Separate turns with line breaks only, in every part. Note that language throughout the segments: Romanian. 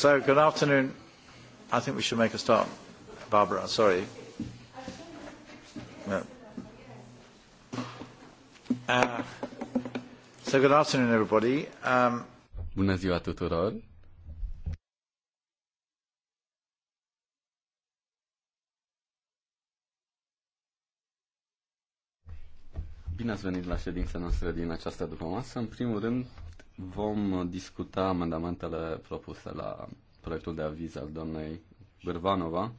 So, good afternoon. I think we should make a start. Barbara, sorry. Uh,
so, good afternoon, everybody. Um, Bună ziua tuturor. Bine ați venit la ședința noastră din această masă. În primul rând, Vom uh, discuta amendamentele propuse la proiectul de aviz al doamnei Bârvanova.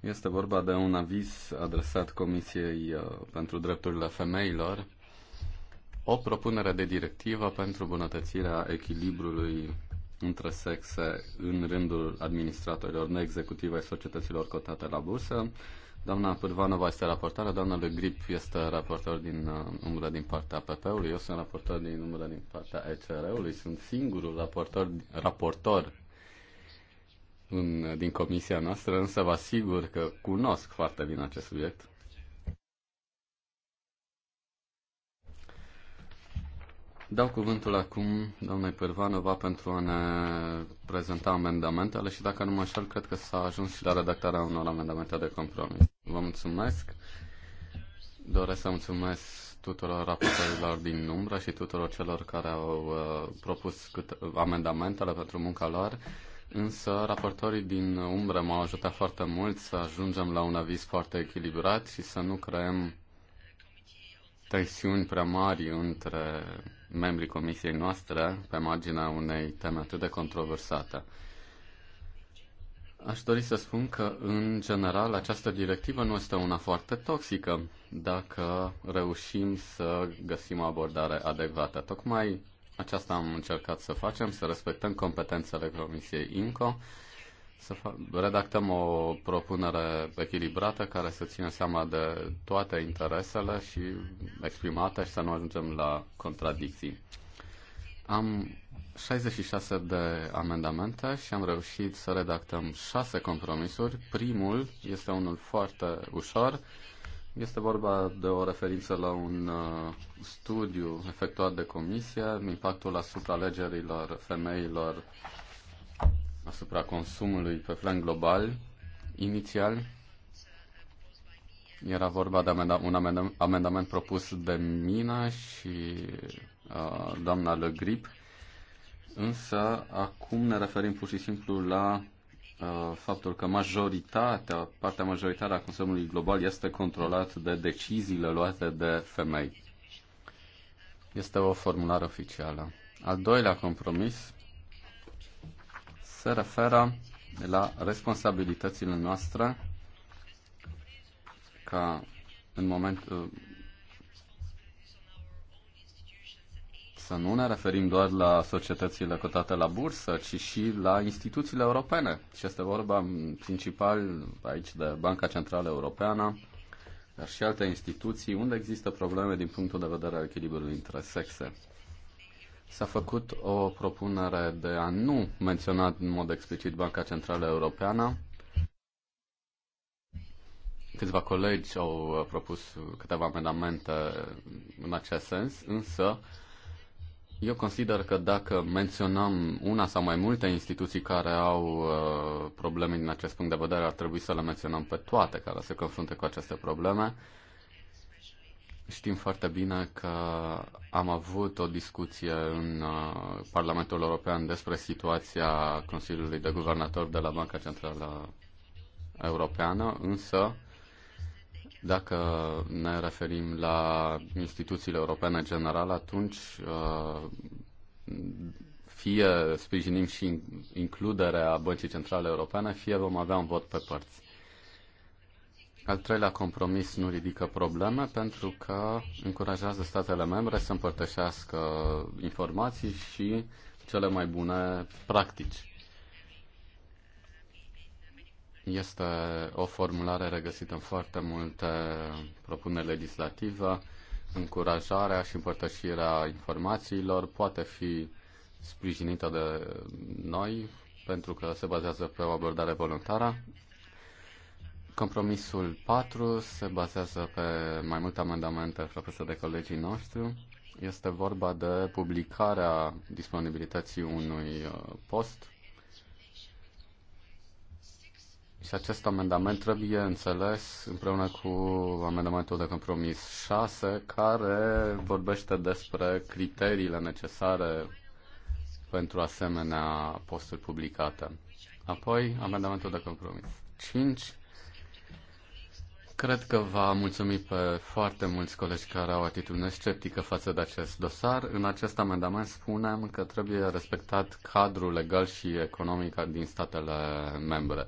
Este vorba de un aviz adresat Comisiei uh, pentru Drepturile Femeilor, o propunere de directivă pentru bunătățirea echilibrului între sexe în rândul administratorilor neexecutive ai societăților cotate la bursă, Doamna Pârvanova este raportoare, doamna Le Grip este raportor din uh, umbră din partea PP-ului, eu sunt raportor din umbră din partea ECR-ului, sunt singurul raportor, raportor în, din comisia noastră, însă vă asigur că cunosc foarte bine acest subiect. Dau cuvântul acum doamnei Pervanova pentru a ne prezenta amendamentele și dacă nu mă înșel, cred că s-a ajuns și la redactarea unor amendamente de compromis. Vă mulțumesc. Doresc să mulțumesc tuturor raportorilor din umbră și tuturor celor care au uh, propus câte, amendamentele pentru munca lor. Însă raportorii din umbră m-au ajutat foarte mult să ajungem la un aviz foarte echilibrat și să nu creăm tensiuni prea mari între membrii comisiei noastre pe marginea unei teme atât de controversate. Aș dori să spun că, în general, această directivă nu este una foarte toxică dacă reușim să găsim o abordare adecvată. Tocmai aceasta am încercat să facem, să respectăm competențele Comisiei INCO să redactăm o propunere echilibrată care să țină seama de toate interesele și exprimate și să nu ajungem la contradicții. Am 66 de amendamente și am reușit să redactăm 6 compromisuri. Primul este unul foarte ușor. Este vorba de o referință la un uh, studiu efectuat de comisie, impactul asupra alegerilor femeilor asupra consumului pe plan global. Inițial era vorba de un amendament, propus de mine și uh, doamna Le Grip, însă acum ne referim pur și simplu la uh, faptul că majoritatea, partea majoritară a consumului global este controlat de deciziile luate de femei. Este o formulare oficială. Al doilea compromis se referă la responsabilitățile noastre ca în moment uh, să nu ne referim doar la societățile cotate la bursă, ci și la instituțiile europene. Și este vorba principal aici de Banca Centrală Europeană, dar și alte instituții unde există probleme din punctul de vedere al echilibrului între sexe. S-a făcut o propunere de a nu menționa în mod explicit Banca Centrală Europeană. Câțiva colegi au propus câteva amendamente în acest sens, însă eu consider că dacă menționăm una sau mai multe instituții care au uh, probleme din acest punct de vedere, ar trebui să le menționăm pe toate care se confruntă cu aceste probleme. Știm foarte bine că am avut o discuție în uh, Parlamentul European despre situația Consiliului de Guvernator de la Banca Centrală Europeană, însă dacă ne referim la instituțiile europene general, atunci uh, fie sprijinim și includerea Băncii Centrale Europene, fie vom avea un vot pe părți. Al treilea compromis nu ridică probleme pentru că încurajează statele membre să împărtășească informații și cele mai bune practici. Este o formulare regăsită în foarte multe propuneri legislative. Încurajarea și împărtășirea informațiilor poate fi sprijinită de noi pentru că se bazează pe o abordare voluntară, Compromisul 4 se bazează pe mai multe amendamente propuse de colegii noștri. Este vorba de publicarea disponibilității unui uh, post și acest amendament trebuie înțeles împreună cu amendamentul de compromis 6, care vorbește despre criteriile necesare pentru asemenea posturi publicate. Apoi, amendamentul de compromis 5 Cred că va mulțumi pe foarte mulți colegi care au atitudine sceptică față de acest dosar. În acest amendament spunem că trebuie respectat cadrul legal și economic din statele membre.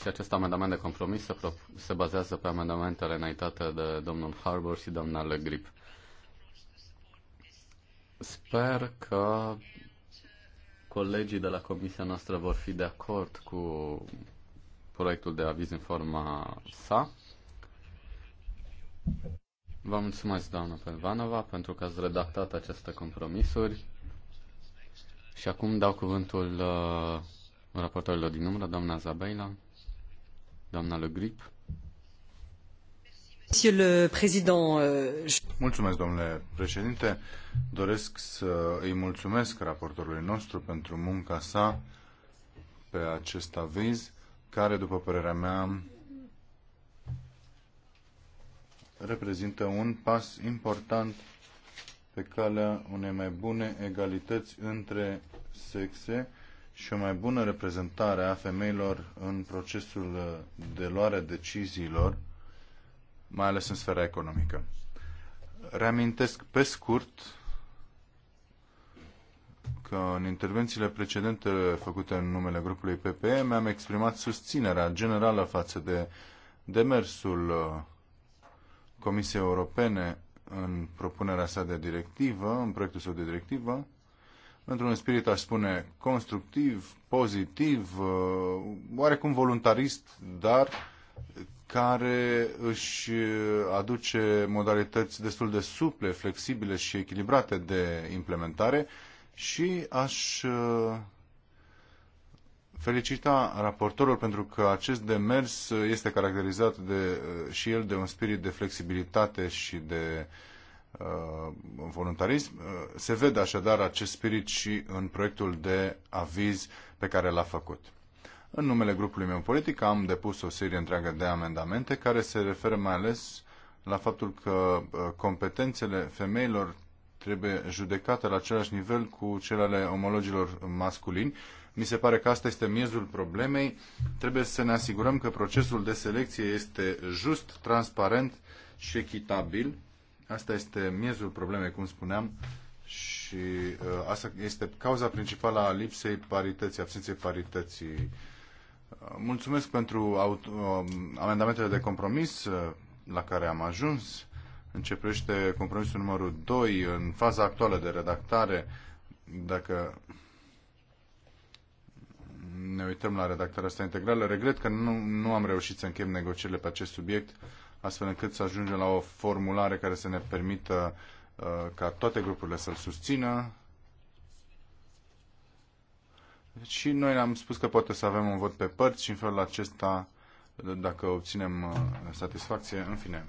Și acest amendament de compromis se, se bazează pe amendamentele înaintate de domnul Harbour și doamna Le Grip. Sper că colegii de la comisia noastră vor fi de acord cu proiectul de aviz în forma sa. Vă mulțumesc, doamnă Pervanova, pentru că ați redactat aceste compromisuri. Și acum dau cuvântul uh, raportorilor din umbră, doamna Zabeila, doamna Le Grip. Euh, mulțumesc, domnule
președinte. Doresc să îi mulțumesc raportorului nostru pentru munca sa pe acest aviz care, după părerea mea, reprezintă un pas important pe calea unei mai bune egalități între sexe și o mai bună reprezentare a femeilor în procesul de luare deciziilor, mai ales în sfera economică. Reamintesc pe scurt că în intervențiile precedente făcute în numele grupului PPE mi-am exprimat susținerea generală față de demersul uh, Comisiei Europene în propunerea sa de directivă, în proiectul său de directivă, într-un spirit, aș spune, constructiv, pozitiv, uh, oarecum voluntarist, dar care își aduce modalități destul de suple, flexibile și echilibrate de implementare și aș uh, felicita raportorul pentru că acest demers este caracterizat de, uh, și el de un spirit de flexibilitate și de uh, voluntarism. Uh, se vede așadar acest spirit și în proiectul de aviz pe care l-a făcut. În numele grupului meu politic am depus o serie întreagă de amendamente care se referă mai ales la faptul că competențele femeilor trebuie judecată la același nivel cu cele ale omologilor masculini. Mi se pare că asta este miezul problemei. Trebuie să ne asigurăm că procesul de selecție este just, transparent și echitabil. Asta este miezul problemei, cum spuneam, și uh, asta este cauza principală a lipsei parității, absenței parității. Uh, mulțumesc pentru uh, amendamentele de compromis uh, la care am ajuns începește compromisul numărul 2 în faza actuală de redactare. Dacă ne uităm la redactarea asta integrală, regret că nu, nu am reușit să închem negocierile pe acest subiect, astfel încât să ajungem la o formulare care să ne permită uh, ca toate grupurile să-l susțină. Și noi am spus că poate să avem un vot pe părți și în felul acesta, dacă obținem uh, satisfacție, în fine,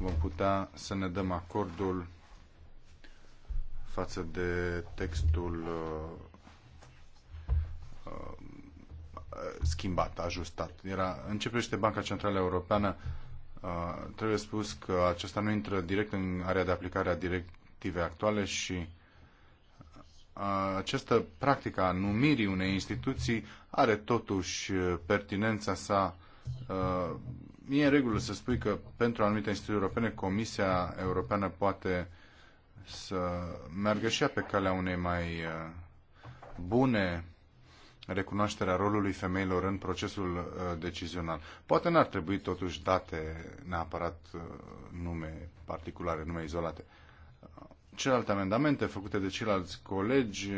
vom putea să ne dăm acordul față de textul uh, uh, schimbat, ajustat. Era, începește Banca Centrală Europeană. Uh, trebuie spus că acesta nu intră direct în area de aplicare a directivei actuale și uh, această practică a numirii unei instituții are totuși uh, pertinența sa uh, e în regulă să spui că pentru anumite instituții europene Comisia Europeană poate să meargă și ea pe calea unei mai uh, bune recunoașterea rolului femeilor în procesul uh, decizional. Poate n-ar trebui totuși date neapărat uh, nume particulare, nume izolate. Celelalte amendamente făcute de ceilalți colegi,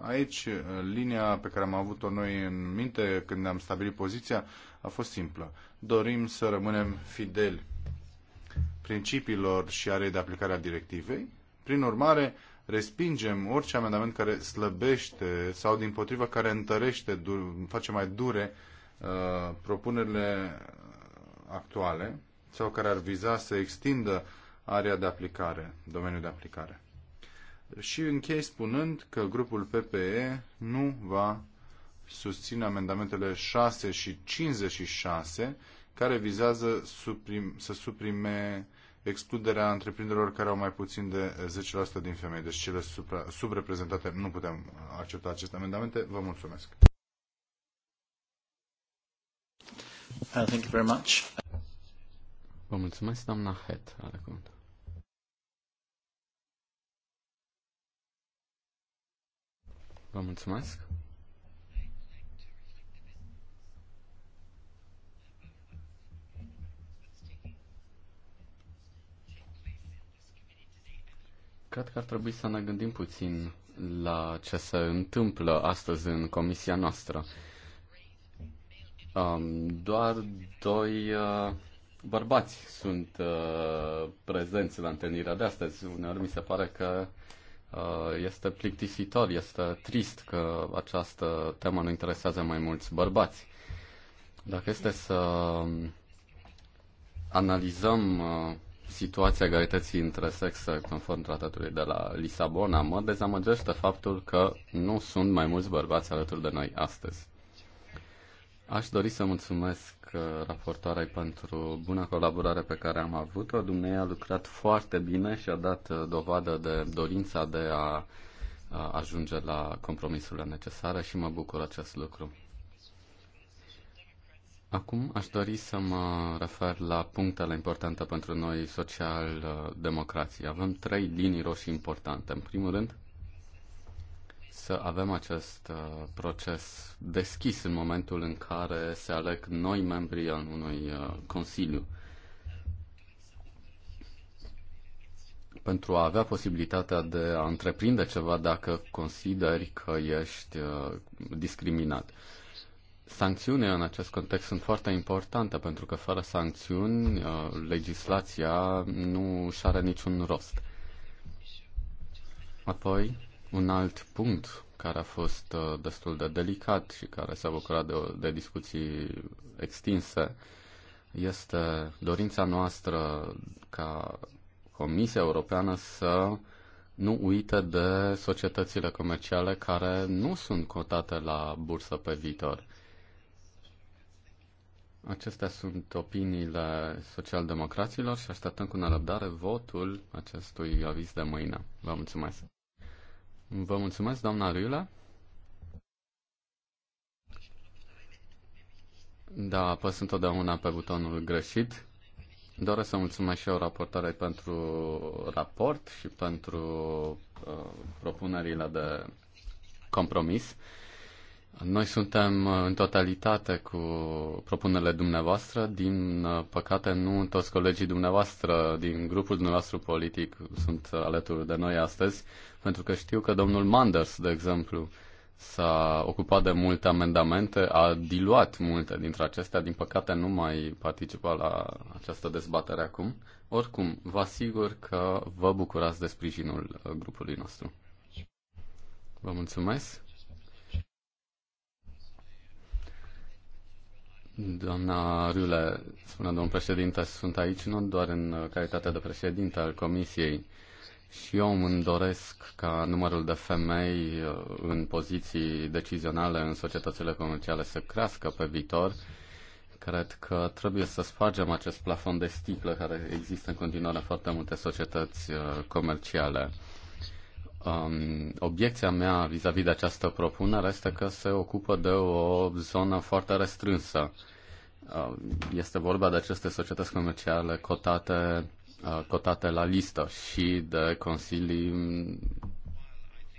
aici linia pe care am avut-o noi în minte când am stabilit poziția a fost simplă. Dorim să rămânem fideli principiilor și arei de aplicare a directivei. Prin urmare, respingem orice amendament care slăbește sau, din potrivă, care întărește, face mai dure uh, propunerile actuale sau care ar viza să extindă area de aplicare, domeniul de aplicare. Și închei spunând că grupul PPE nu va susțin amendamentele 6 și 56, care vizează suprim, să suprime excluderea întreprinderilor care au mai puțin de 10% din femei. Deci cele supra, subreprezentate nu putem accepta aceste amendamente.
Vă mulțumesc. Uh, thank you very much. Vă mulțumesc, doamna Het, are cuvântul. Vă mulțumesc. Cred că ar trebui să ne gândim puțin la ce se întâmplă astăzi în comisia noastră. Um, doar doi uh, bărbați sunt uh, prezenți la întâlnirea de astăzi. Uneori mi se pare că uh, este plictisitor, este trist că această temă nu interesează mai mulți bărbați. Dacă este să um, analizăm uh, situația egalității între sexe conform tratatului de la Lisabona, mă dezamăgește faptul că nu sunt mai mulți bărbați alături de noi astăzi. Aș dori să mulțumesc uh, raportoarei pentru buna colaborare pe care am avut-o. Dumnezeu a lucrat foarte bine și a dat uh, dovadă de dorința de a ajunge la compromisurile necesare și mă bucur acest lucru. Acum aș dori să mă refer la punctele importante pentru noi social-democrații. Avem trei linii roșii importante. În primul rând, să avem acest uh, proces deschis în momentul în care se aleg noi membri al unui uh, consiliu. Pentru a avea posibilitatea de a întreprinde ceva dacă consideri că ești uh, discriminat. Sancțiunile în acest context sunt foarte importante pentru că fără sancțiuni uh, legislația nu își are niciun rost. Apoi, un alt punct care a fost uh, destul de delicat și care s-a bucurat de, de discuții extinse este dorința noastră ca Comisia Europeană să nu uită de societățile comerciale care nu sunt cotate la bursă pe viitor. Acestea sunt opiniile socialdemocraților și așteptăm cu nerăbdare votul acestui aviz de mâine. Vă mulțumesc. Vă mulțumesc, doamna Riula. Da, apăs întotdeauna pe butonul greșit. Doresc să mulțumesc și eu raportarei pentru raport și pentru uh, propunerile de compromis. Noi suntem uh, în totalitate cu propunerile dumneavoastră. Din uh, păcate, nu toți colegii dumneavoastră din grupul dumneavoastră politic sunt alături de noi astăzi, pentru că știu că domnul Manders, de exemplu, s-a ocupat de multe amendamente, a diluat multe dintre acestea, din păcate nu mai participa la această dezbatere acum. Oricum, vă asigur că vă bucurați de sprijinul uh, grupului nostru. Vă mulțumesc. Doamna Râle, spune domnul președinte, sunt aici nu doar în calitate de președinte al Comisiei. Și eu îmi doresc ca numărul de femei uh, în poziții decizionale în societățile comerciale să crească pe viitor. Cred că trebuie să spargem acest plafon de sticlă care există în continuare foarte multe societăți uh, comerciale. Um, obiecția mea vis-a-vis -vis de această propunere este că se ocupă de o zonă foarte restrânsă. Uh, este vorba de aceste societăți comerciale cotate, uh, cotate la listă și de consilii mm,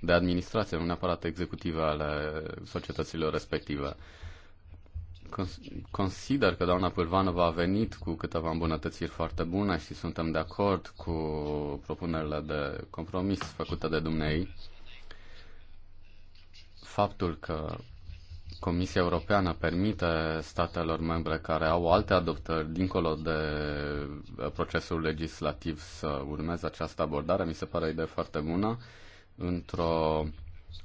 de administrație, nu neapărat executive ale societăților respective. Consider că doamna Pârvanova a venit cu câteva îmbunătățiri foarte bune și suntem de acord cu propunerile de compromis făcute de dumnei. Faptul că Comisia Europeană permite statelor membre care au alte adoptări dincolo de uh, procesul legislativ să urmeze această abordare, mi se pare o idee foarte bună. Într-o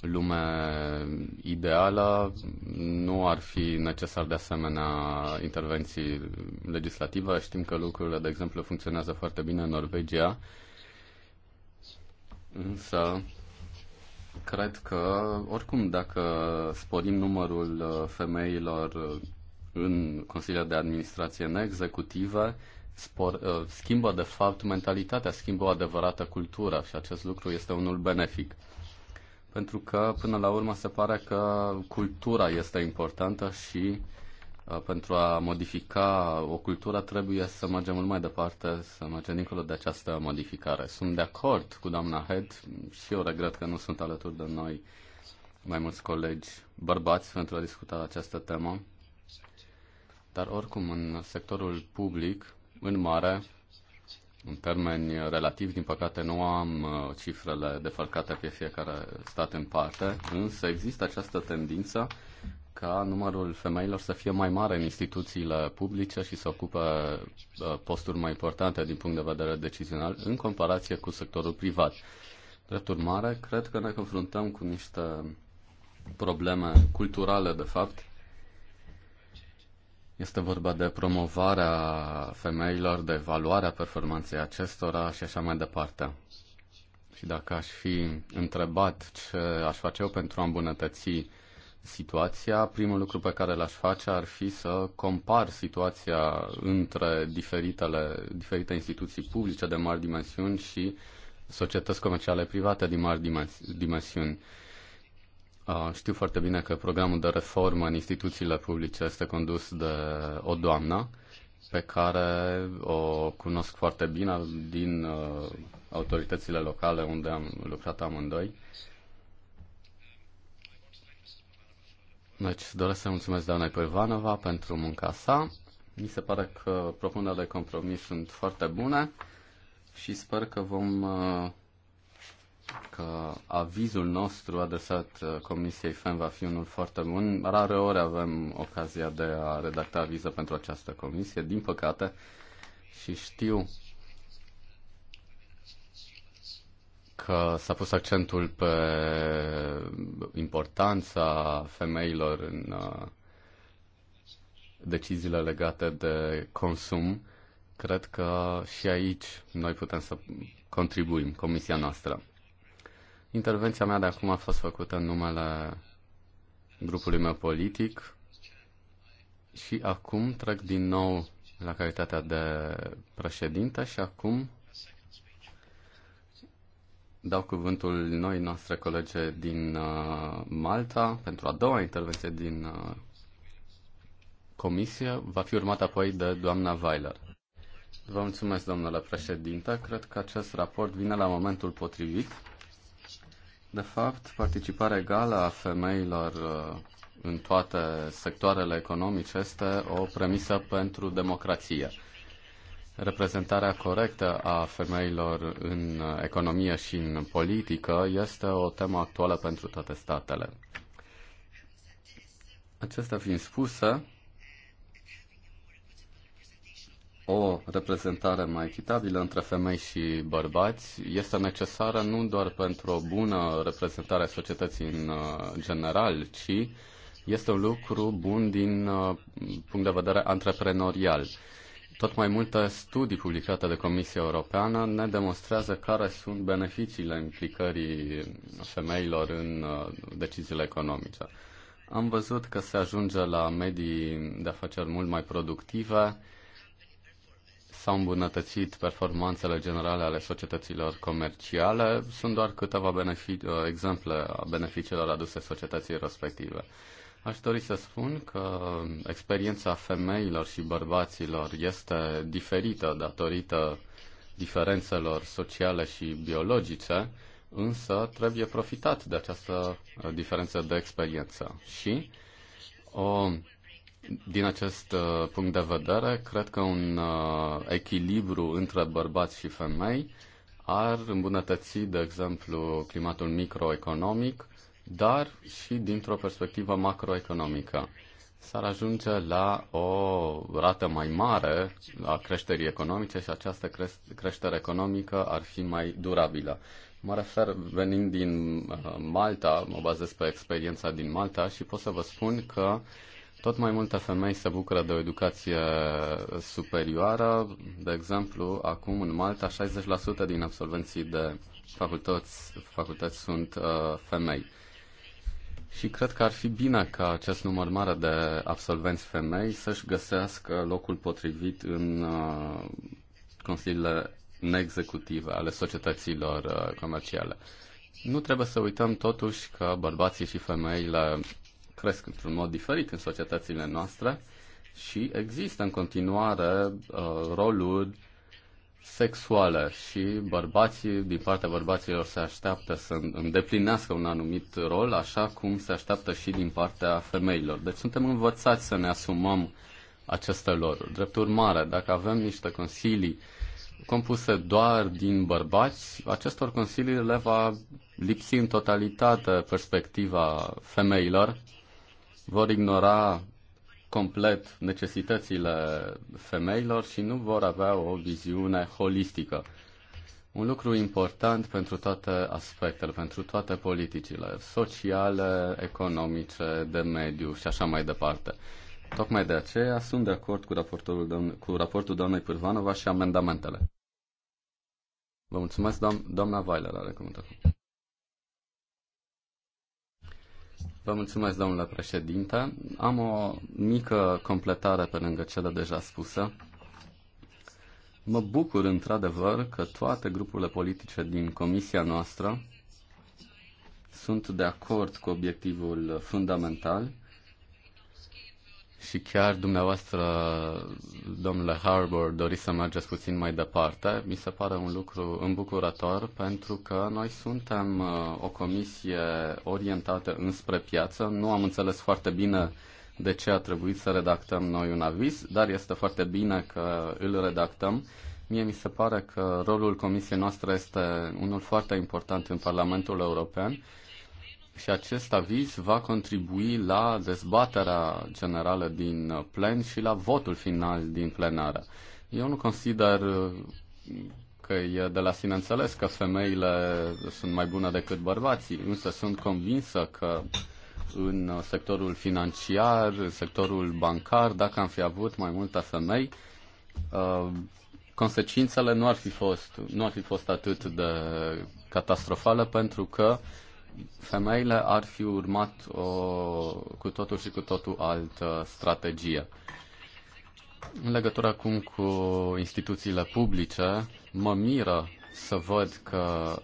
lume ideală, nu ar fi necesar de asemenea intervenții legislative. Știm că lucrurile, de exemplu, funcționează foarte bine în Norvegia, însă cred că, oricum, dacă sporim numărul uh, femeilor uh, în Consiliul de Administrație neexecutive, spor, uh, schimbă, de fapt, mentalitatea, schimbă o adevărată cultură și acest lucru este unul benefic pentru că până la urmă se pare că cultura este importantă și uh, pentru a modifica o cultură trebuie să mergem mult mai departe, să mergem dincolo de această modificare. Sunt de acord cu doamna Head și eu regret că nu sunt alături de noi mai mulți colegi bărbați pentru a discuta această temă. Dar oricum, în sectorul public, în mare, în termeni relativ, din păcate nu am uh, cifrele defalcate pe fiecare stat în parte, însă există această tendință ca numărul femeilor să fie mai mare în instituțiile publice și să ocupe uh, posturi mai importante din punct de vedere decizional în comparație cu sectorul privat. Drept urmare, cred că ne confruntăm cu niște probleme culturale, de fapt, este vorba de promovarea femeilor, de evaluarea performanței acestora și așa mai departe. Și dacă aș fi întrebat ce aș face eu pentru a îmbunătăți situația, primul lucru pe care l-aș face ar fi să compar situația între diferitele, diferite instituții publice de mari dimensiuni și societăți comerciale private din mari dimensiuni știu foarte bine că programul de reformă în instituțiile publice este condus de o doamnă pe care o cunosc foarte bine din uh, autoritățile locale unde am lucrat amândoi. Deci doresc să mulțumesc doamnei Poivanova pentru munca sa. Mi se pare că propunerile de compromis sunt foarte bune și sper că vom uh, că avizul nostru adresat uh, Comisiei FEM va fi unul foarte bun. Rare ori avem ocazia de a redacta aviză pentru această comisie, din păcate, și știu că s-a pus accentul pe importanța femeilor în uh, deciziile legate de consum. Cred că și aici noi putem să contribuim, comisia noastră. Intervenția mea de acum a fost făcută în numele grupului meu politic și acum trec din nou la calitatea de președinte și acum dau cuvântul noi noastre colege din uh, Malta pentru a doua intervenție din uh, comisie. Va fi urmat apoi de doamna Weiler. Vă mulțumesc, domnule președinte. Cred că acest raport vine la momentul potrivit de fapt, participarea egală a femeilor uh, în toate sectoarele economice este o premisă pentru democrație. Reprezentarea corectă a femeilor în economie și în politică este o temă actuală pentru toate statele. Acestea fiind spuse, o reprezentare mai echitabilă între femei și bărbați este necesară nu doar pentru o bună reprezentare a societății în uh, general, ci este un lucru bun din uh, punct de vedere antreprenorial. Tot mai multe studii publicate de Comisia Europeană ne demonstrează care sunt beneficiile implicării femeilor în uh, deciziile economice. Am văzut că se ajunge la medii de afaceri mult mai productive, s-au îmbunătățit performanțele generale ale societăților comerciale. Sunt doar câteva exemple a beneficiilor aduse societății respective. Aș dori să spun că experiența femeilor și bărbaților este diferită datorită diferențelor sociale și biologice, însă trebuie profitat de această uh, diferență de experiență. Și o din acest uh, punct de vedere, cred că un uh, echilibru între bărbați și femei ar îmbunătăți, de exemplu, climatul microeconomic, dar și dintr-o perspectivă macroeconomică. S-ar ajunge la o rată mai mare a creșterii economice și această creștere economică ar fi mai durabilă. Mă refer venind din uh, Malta, mă bazez pe experiența din Malta și pot să vă spun că uh, tot mai multe femei se bucură de o educație superioară. De exemplu, acum în Malta 60% din absolvenții de facultăți, facultăți sunt uh, femei. Și cred că ar fi bine ca acest număr mare de absolvenți femei să-și găsească locul potrivit în uh, consiliile neexecutive ale societăților uh, comerciale. Nu trebuie să uităm totuși că bărbații și femeile cresc într-un mod diferit în societățile noastre și există în continuare uh, roluri sexuale și bărbații, din partea bărbaților, se așteaptă să îndeplinească un anumit rol, așa cum se așteaptă și din partea femeilor. Deci suntem învățați să ne asumăm aceste lor Drept urmare, dacă avem niște consilii compuse doar din bărbați, acestor consilii le va lipsi în totalitate perspectiva femeilor vor ignora complet necesitățile femeilor și nu vor avea o viziune holistică. Un lucru important pentru toate aspectele, pentru toate politicile sociale, economice, de mediu și așa mai departe. Tocmai de aceea sunt de acord cu, raportul doamne, cu raportul doamnei Pârvanova și amendamentele. Vă mulțumesc, doam- doamna Weiler, are cuvântul. Vă mulțumesc, domnule președinte. Am o mică completare pe lângă cele deja spuse. Mă bucur într-adevăr că toate grupurile politice din comisia noastră sunt de acord cu obiectivul fundamental și chiar dumneavoastră, domnule Harbour, doriți să mergeți puțin mai departe. Mi se pare un lucru îmbucurător pentru că noi suntem uh, o comisie orientată înspre piață. Nu am înțeles foarte bine de ce a trebuit să redactăm noi un aviz, dar este foarte bine că îl redactăm. Mie mi se pare că rolul comisiei noastre este unul foarte important în Parlamentul European și acest aviz va contribui la dezbaterea generală din plen și la votul final din plenară. Eu nu consider uh, că e de la sine înțeles că femeile sunt mai bune decât bărbații, însă sunt convinsă că în sectorul financiar, în sectorul bancar, dacă am fi avut mai multe femei, uh, consecințele nu ar fi fost, nu ar fi fost atât de catastrofale pentru că femeile ar fi urmat o, cu totul și cu totul altă strategie. În legătură acum cu instituțiile publice, mă miră să văd că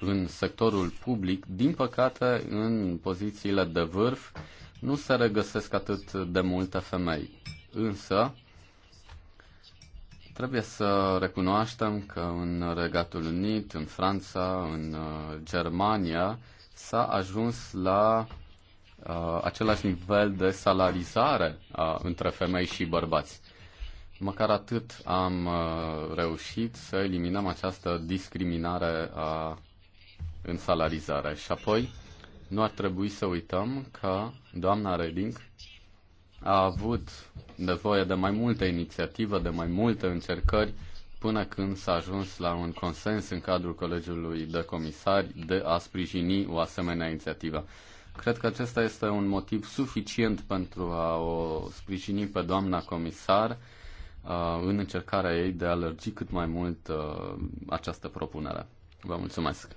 în sectorul public, din păcate, în pozițiile de vârf, nu se regăsesc atât de multe femei. Însă, Trebuie să recunoaștem că în Regatul Unit, în Franța, în uh, Germania s-a ajuns la uh, același nivel de salarizare uh, între femei și bărbați. Măcar atât am uh, reușit să eliminăm această discriminare a, uh, în salarizare. Și apoi nu ar trebui să uităm că doamna Reding a avut nevoie de mai multă inițiativă, de mai multe încercări, până când s-a ajuns la un consens în cadrul Colegiului de Comisari de a sprijini o asemenea inițiativă. Cred că acesta este un motiv suficient pentru a o sprijini pe doamna comisar uh, în încercarea ei de a lărgi cât mai mult uh, această propunere. Vă mulțumesc!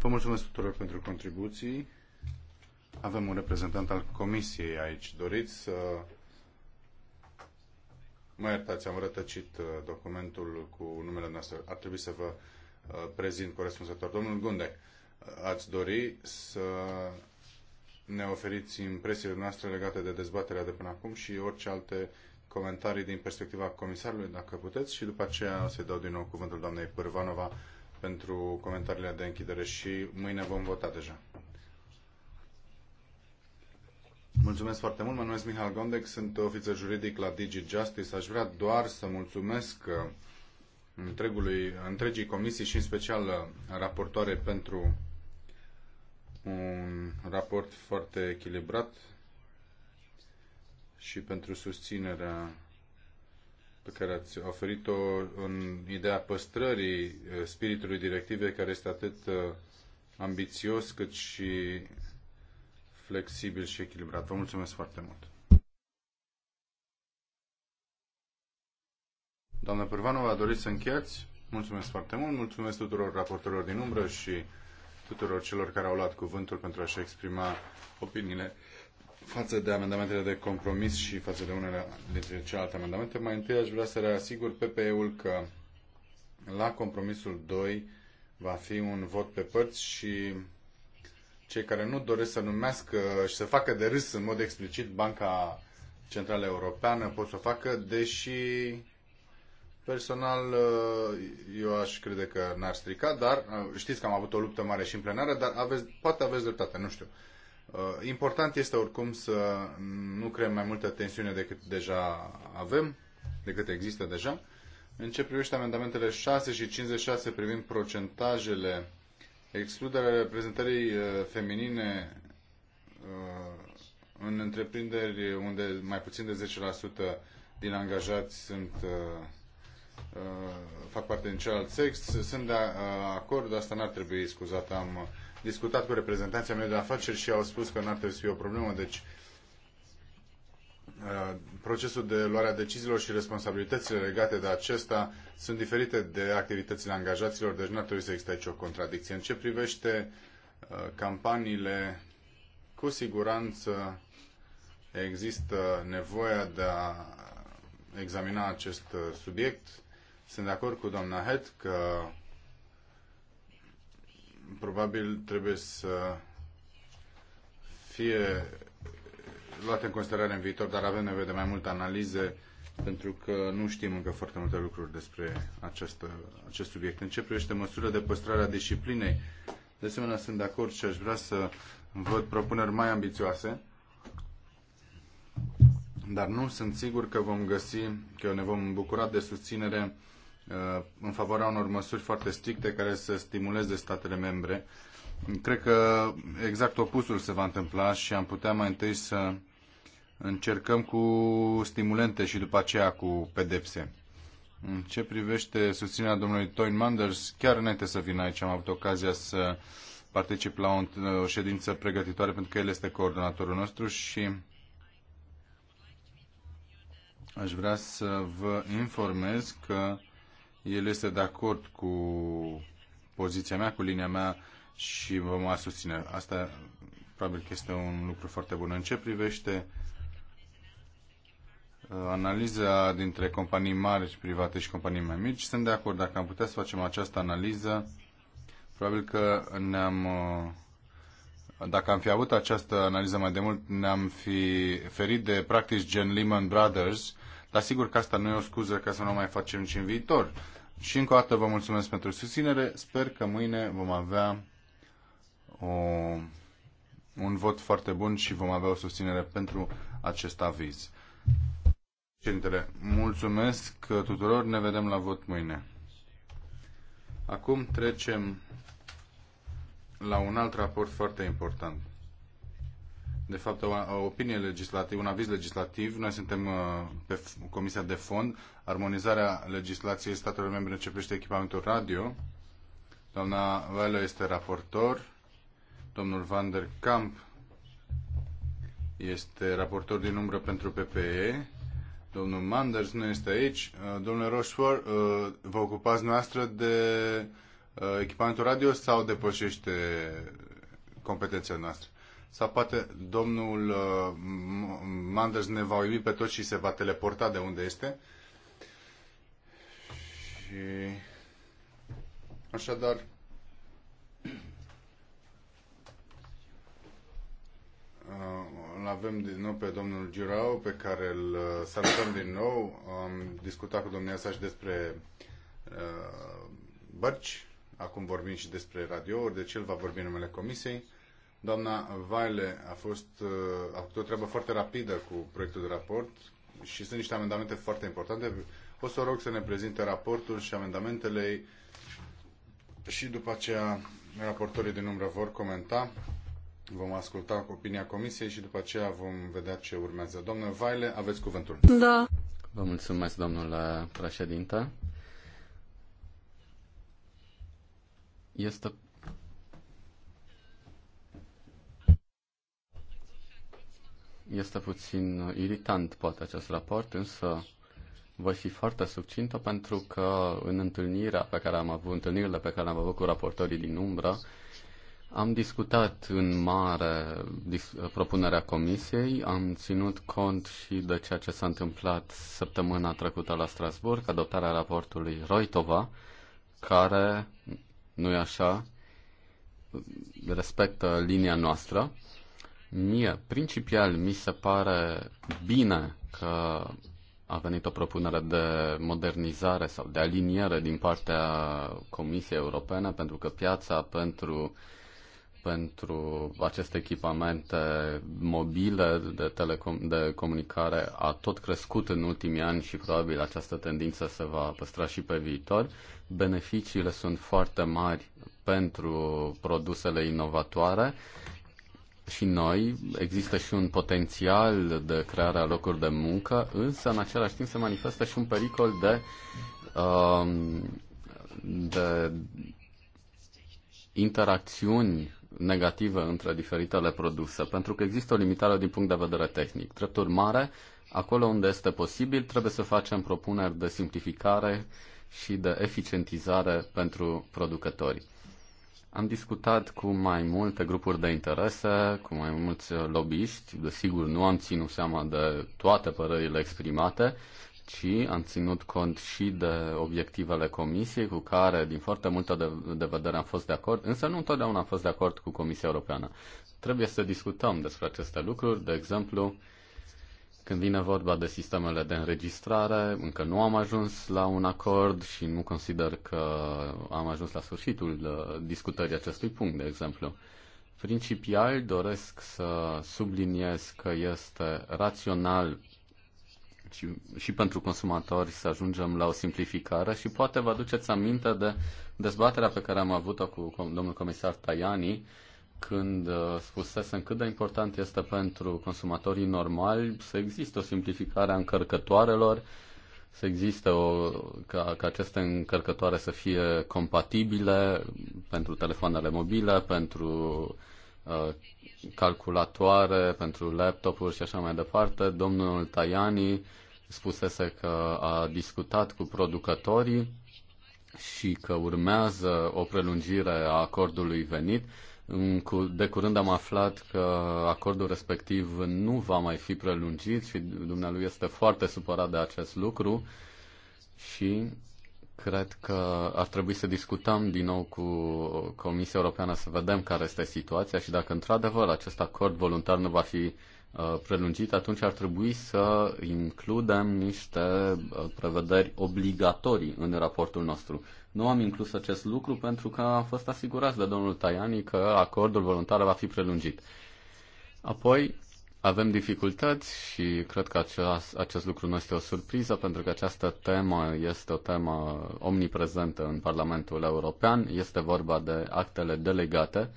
Vă mulțumesc tuturor pentru contribuții. Avem un reprezentant al comisiei aici. Doriți să... Mă iertați, am rătăcit uh, documentul cu numele noastră. Ar trebui să vă uh, prezint corespunzător. Domnul Gundec, uh, ați dori să ne oferiți impresiile noastre legate de dezbaterea de până acum și orice alte comentarii din perspectiva comisarului, dacă puteți, și după aceea o să-i dau din nou cuvântul doamnei Pârvanova pentru comentariile de închidere și mâine vom vota deja. Mulțumesc foarte mult. Mă numesc Mihal Gondec, sunt ofițer juridic la Digi Justice. Aș vrea doar să mulțumesc uh, întregului, întregii comisii și în special uh, raportoare pentru un raport foarte echilibrat și pentru susținerea pe care ați oferit-o în ideea păstrării uh, spiritului directivei care este atât ambițios cât și flexibil și echilibrat. Vă mulțumesc foarte mult. Doamna a dorit să încheiați? Mulțumesc foarte mult, mulțumesc tuturor raportorilor din umbră și tuturor celor care au luat cuvântul pentru a-și exprima opiniile față de amendamentele de compromis și față de unele dintre celelalte amendamente. Mai întâi aș vrea să reasigur PPE-ul că la compromisul 2 va fi un vot pe părți și cei care nu doresc să numească și să facă de râs în mod explicit Banca Centrală Europeană pot să o facă, deși personal uh, eu aș crede că n-ar strica, dar uh, știți că am avut o luptă mare și în plenară, dar aveți, poate aveți dreptate, nu știu. Uh, important este oricum să nu creăm mai multă tensiune decât deja avem, decât există deja. În ce privește amendamentele 6 și 56 privind procentajele Excluderea reprezentării uh, feminine uh, în întreprinderi unde mai puțin de 10% din angajați sunt uh, fac parte din celălalt sex. Sunt de acord, asta n-ar trebui scuzat. Am discutat cu reprezentanții mei de afaceri și au spus că n-ar trebui să fie o problemă. Deci Uh, procesul de luare a deciziilor și responsabilitățile legate de acesta sunt diferite de activitățile angajaților, deci nu ar trebui să existe aici o contradicție. În ce privește uh, campaniile, cu siguranță există nevoia de a examina acest uh, subiect. Sunt de acord cu doamna Het că probabil trebuie să fie luate în considerare în viitor, dar avem nevoie de mai multe analize pentru că nu știm încă foarte multe lucruri despre acest acest subiect. În ce privește măsurile de păstrare a disciplinei, de asemenea sunt de acord și aș vrea să văd propuneri mai ambițioase, dar nu sunt sigur că vom găsi, că ne vom bucura de susținere uh, în favoarea unor măsuri foarte stricte care să stimuleze statele membre. Cred că exact opusul se va întâmpla și am putea mai întâi să încercăm cu stimulente și după aceea cu pedepse. În ce privește susținerea domnului Toin Manders, chiar înainte să vin aici am avut ocazia să particip la o ședință pregătitoare pentru că el este coordonatorul nostru și aș vrea să vă informez că el este de acord cu poziția mea, cu linia mea și vă mă susține. Asta probabil că este un lucru foarte bun. În ce privește uh, analiza dintre companii mari și private și companii mai mici. Sunt de acord, dacă am putea să facem această analiză, probabil că ne-am, uh, dacă am fi avut această analiză mai demult, ne-am fi ferit de practici gen Lehman Brothers, dar sigur că asta nu e o scuză ca să nu mai facem și în viitor. Și încă o dată vă mulțumesc pentru susținere. Sper că mâine vom avea o, un vot foarte bun și vom avea o susținere pentru acest aviz. Președintele, mulțumesc tuturor, ne vedem la vot mâine. Acum trecem la un alt raport foarte important. De fapt, o, o opinie legislativă, un aviz legislativ, noi suntem uh, pe Comisia de Fond, armonizarea legislației statelor membre începește echipamentul radio. Doamna Velo este raportor, domnul Van der Kamp este raportor din umbră pentru PPE, Domnul Manders nu este aici. Uh, domnule Rochefort, uh, vă ocupați noastră de uh, echipamentul radio sau depășește competența noastră? Sau poate domnul Manders ne va uimi pe toți și se va teleporta de unde este? Și... Așadar, avem din nou pe domnul Girau, pe care îl uh, salutăm din nou. Am discutat cu domnia sa și despre uh, bărci, acum vorbim și despre radiouri, ce deci el va vorbi în numele comisiei. Doamna Vaile a, fost, uh, a făcut o treabă foarte rapidă cu proiectul de raport și sunt niște amendamente foarte importante. O să o rog să ne prezinte raportul și amendamentele ei și după aceea raportorii din umbră vor comenta. Vom asculta opinia
comisiei și după aceea vom vedea ce urmează. Domnule Vaile, aveți cuvântul. Da. Vă mulțumesc, domnule președinte. Este Este puțin irritant, poate, acest raport, însă voi fi foarte succintă pentru că în întâlnirea pe care am avut, întâlnirile pe care am avut cu raportorii din umbră, am discutat în mare propunerea comisiei, am ținut cont și de ceea ce s-a întâmplat săptămâna trecută la Strasburg, adoptarea raportului Roitova, care, nu e așa, respectă linia noastră. Mie, principial, mi se pare bine că a venit o propunere de modernizare sau de aliniere din partea Comisiei Europene pentru că piața pentru uh, pentru aceste echipamente mobile de, telecom- de comunicare a tot crescut în ultimii ani și probabil această tendință se va păstra și pe viitor. Beneficiile sunt foarte mari pentru produsele inovatoare și noi, există și un potențial de creare a locuri de muncă, însă în același timp se manifestă și un pericol de, um, de interacțiuni negative între diferitele produse, pentru că există o limitare din punct de vedere tehnic. Drept urmare, acolo unde este posibil, trebuie să facem propuneri de simplificare și de eficientizare pentru producători. Am discutat cu mai multe grupuri de interese, cu mai mulți lobbyiști. Desigur, nu am ținut seama de toate părerile exprimate, ci am ținut cont și de obiectivele comisiei cu care, din foarte multe de, de vedere, am fost de acord, însă nu întotdeauna am fost de acord cu Comisia Europeană. Trebuie să discutăm despre aceste lucruri, de exemplu, când vine vorba de sistemele de înregistrare, încă nu am ajuns la un acord și nu consider că am ajuns la sfârșitul uh, discutării acestui punct, de exemplu. Principial doresc să subliniez că este rațional și, și pentru consumatori să ajungem la o simplificare și poate vă aduceți aminte de dezbaterea pe care am avut-o cu domnul comisar Tajani când uh, spusesem cât de important este pentru consumatorii normali să existe o simplificare a încărcătoarelor, să existe o, ca, ca aceste încărcătoare să fie compatibile pentru telefoanele mobile, pentru uh, calculatoare, pentru laptopuri și așa mai departe. Domnul Tajani spusese că a discutat cu producătorii și că urmează o prelungire a acordului venit. De curând am aflat că acordul respectiv nu va mai fi prelungit și dumnealui este foarte supărat de acest lucru și Cred că ar trebui să discutăm din nou cu Comisia Europeană să vedem care este situația și dacă într-adevăr acest acord voluntar nu va fi uh, prelungit, atunci ar trebui să includem niște uh, prevederi obligatorii în raportul nostru. Nu am inclus acest lucru pentru că am fost asigurați de domnul Tajani că acordul voluntar va fi prelungit. Apoi, avem dificultăți și cred că acest, acest lucru nu este o surpriză, pentru că această temă este o temă omniprezentă în Parlamentul European. Este vorba de actele delegate,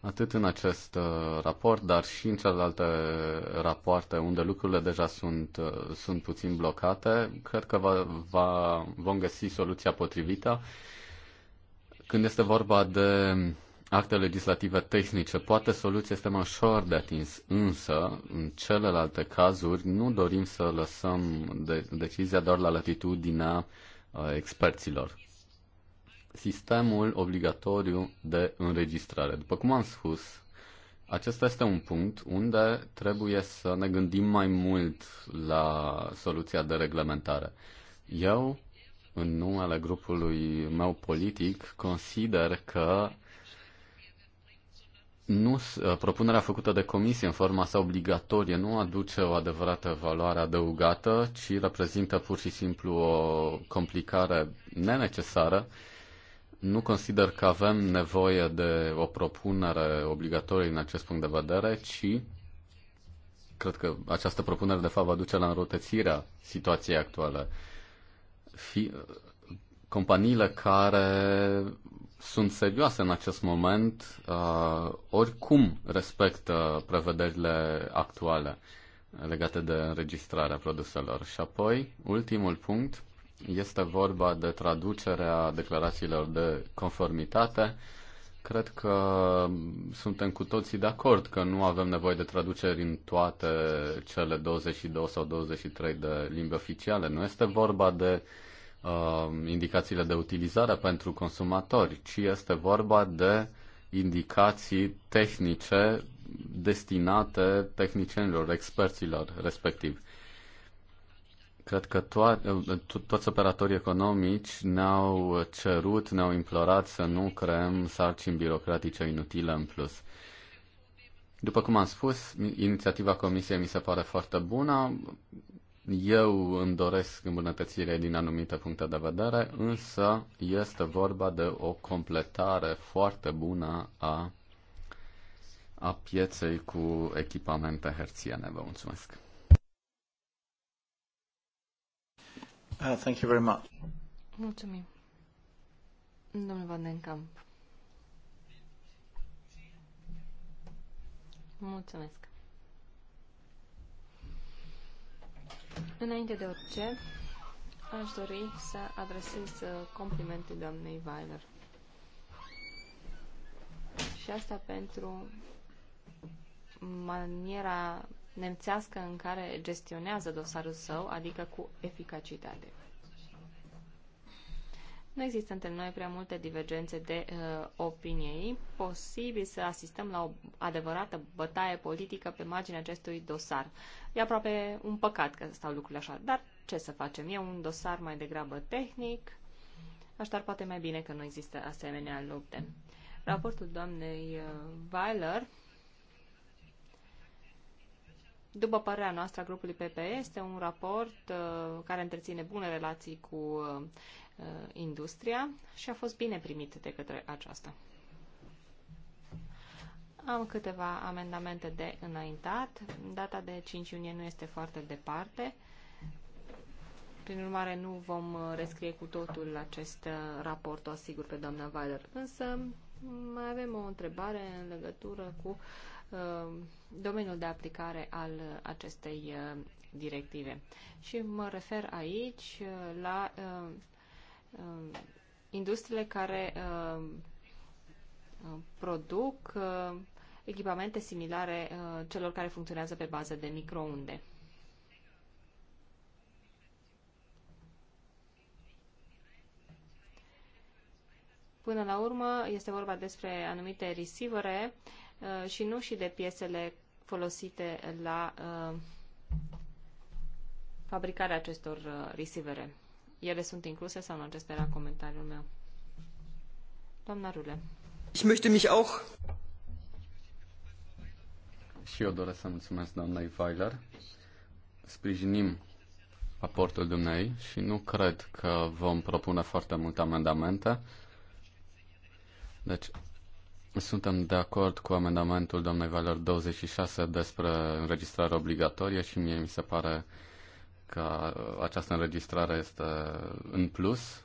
atât în acest uh, raport, dar și în celelalte rapoarte unde lucrurile deja sunt, uh, sunt puțin blocate. Cred că va, va, vom găsi soluția potrivită. Când este vorba de acte legislative tehnice. Poate soluția este mai ușor de atins, însă în celelalte cazuri nu dorim să lăsăm de- decizia doar la latitudinea uh, experților. Sistemul obligatoriu de înregistrare. După cum am spus, acesta este un punct unde trebuie să ne gândim mai mult la soluția de reglementare. Eu, în numele grupului meu politic, consider că nu, ă, propunerea făcută de comisie în forma sa obligatorie nu aduce o adevărată valoare adăugată, ci reprezintă pur și simplu o complicare nenecesară. Nu consider că avem nevoie de o propunere obligatorie în acest punct de vedere, ci cred că această propunere de fapt va duce la înrotețirea situației actuale. Fi, companiile care sunt serioase în acest moment, uh, oricum respectă prevederile actuale legate de înregistrarea produselor. Și apoi, ultimul punct, este vorba de traducerea declarațiilor de conformitate. Cred că suntem cu toții de acord că nu avem nevoie de traduceri în toate cele 22 sau 23 de limbi oficiale. Nu este vorba de uh, Um, indicațiile de utilizare pentru consumatori, ci este vorba de indicații tehnice destinate tehnicienilor, experților respectiv. Cred că to- toți operatorii economici ne-au cerut, ne-au implorat să nu creăm sarcini birocratice inutile în plus. După cum am spus, inițiativa Comisiei mi se pare foarte bună. Eu îmi doresc îmbunătățire din anumite puncte de vedere, însă este vorba de o completare foarte bună a, a pieței cu echipamente herțiene. Vă mulțumesc! Uh, thank you very much.
Mulțumim. Domnul Van den Camp. Mulțumesc. Înainte de orice, aș dori să adresez uh, complimente doamnei Weiler. Și asta pentru maniera nemțească în care gestionează dosarul său, adică cu eficacitate. Nu există între noi prea multe divergențe de uh, opinie. E imposibil să asistăm la o adevărată bătaie politică pe marginea acestui dosar. E aproape un păcat că stau lucrurile așa. Dar ce să facem? E un dosar mai degrabă tehnic, așadar poate mai bine că nu există asemenea lupte. Raportul doamnei uh, Weiler, după părerea noastră a grupului PPE, este un raport uh, care întreține bune relații cu uh, Uh, industria și a fost bine primit de către aceasta. Am câteva amendamente de înaintat. Data de 5 iunie nu este foarte departe. Prin urmare, nu vom uh, rescrie cu totul acest uh, raport, o asigur pe doamna Weiler. Însă, mai avem o întrebare în legătură cu uh, domeniul de aplicare al acestei uh, directive. Și mă refer aici uh, la uh, industriile care um, uh, produc uh, echipamente similare uh, celor care funcționează pe bază de microunde. Până la urmă, este vorba despre anumite receivere uh, și nu și de piesele folosite la uh, fabricarea acestor uh, receivere ele sunt incluse sau nu? Acesta era comentariul meu. Doamna Rule. Ich möchte mich auch.
Și eu doresc să mulțumesc doamnei Weiler. Sprijinim aportul dumnei și nu cred că vom propune foarte multe amendamente. Deci, suntem de acord cu amendamentul doamnei Valer 26 despre înregistrare obligatorie și mie mi se pare uh, că această înregistrare este în plus.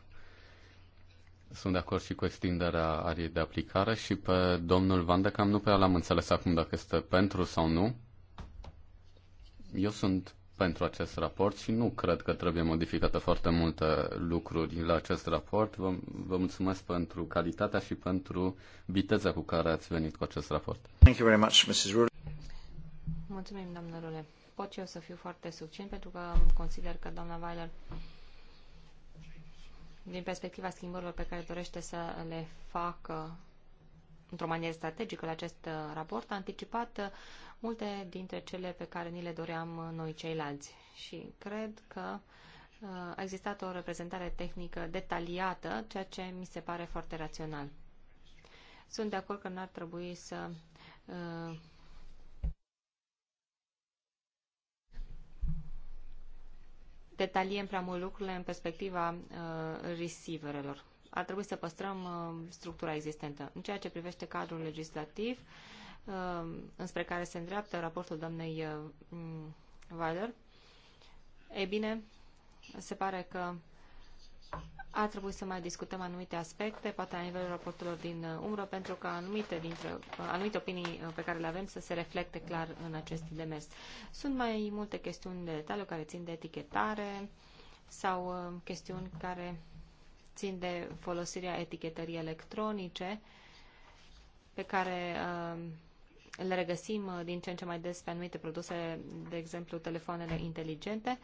Sunt de acord și cu extinderea ariei de aplicare și pe domnul Van de Cam nu prea l-am înțeles acum dacă este pentru sau nu. Eu sunt pentru acest raport și nu cred că trebuie modificată foarte multe lucruri la acest raport. Vă, vă mulțumesc pentru calitatea și pentru viteza cu care ați venit cu acest raport. Thank you very much, Mrs. Rule.
Mulțumim, doamnă Rule pot și eu să fiu foarte succint pentru că consider că doamna Weiler din perspectiva schimbărilor pe care dorește să le facă într-o manieră strategică la acest uh, raport, a anticipat uh, multe dintre cele pe care ni le doream uh, noi ceilalți. Și cred că a existat o reprezentare tehnică detaliată, ceea ce mi se pare foarte rațional. Sunt de acord că n-ar trebui să detaliem prea mult lucrurile în perspectiva uh, receiverelor. Ar trebui să păstrăm uh, structura existentă. În ceea ce privește cadrul legislativ, uh, înspre care se îndreaptă raportul doamnei uh, mm, Weiler, e bine, se pare că a trebui să mai discutăm anumite aspecte, poate la nivelul raportelor din uh, umbră, pentru că anumite, dintre, uh, anumite opinii uh, pe care le avem să se reflecte clar în acest demers. Sunt mai multe chestiuni de detaliu care țin de etichetare sau chestiuni care țin de folosirea etichetării electronice pe care le regăsim din ce în ce mai des pe anumite produse, de exemplu telefoanele inteligente.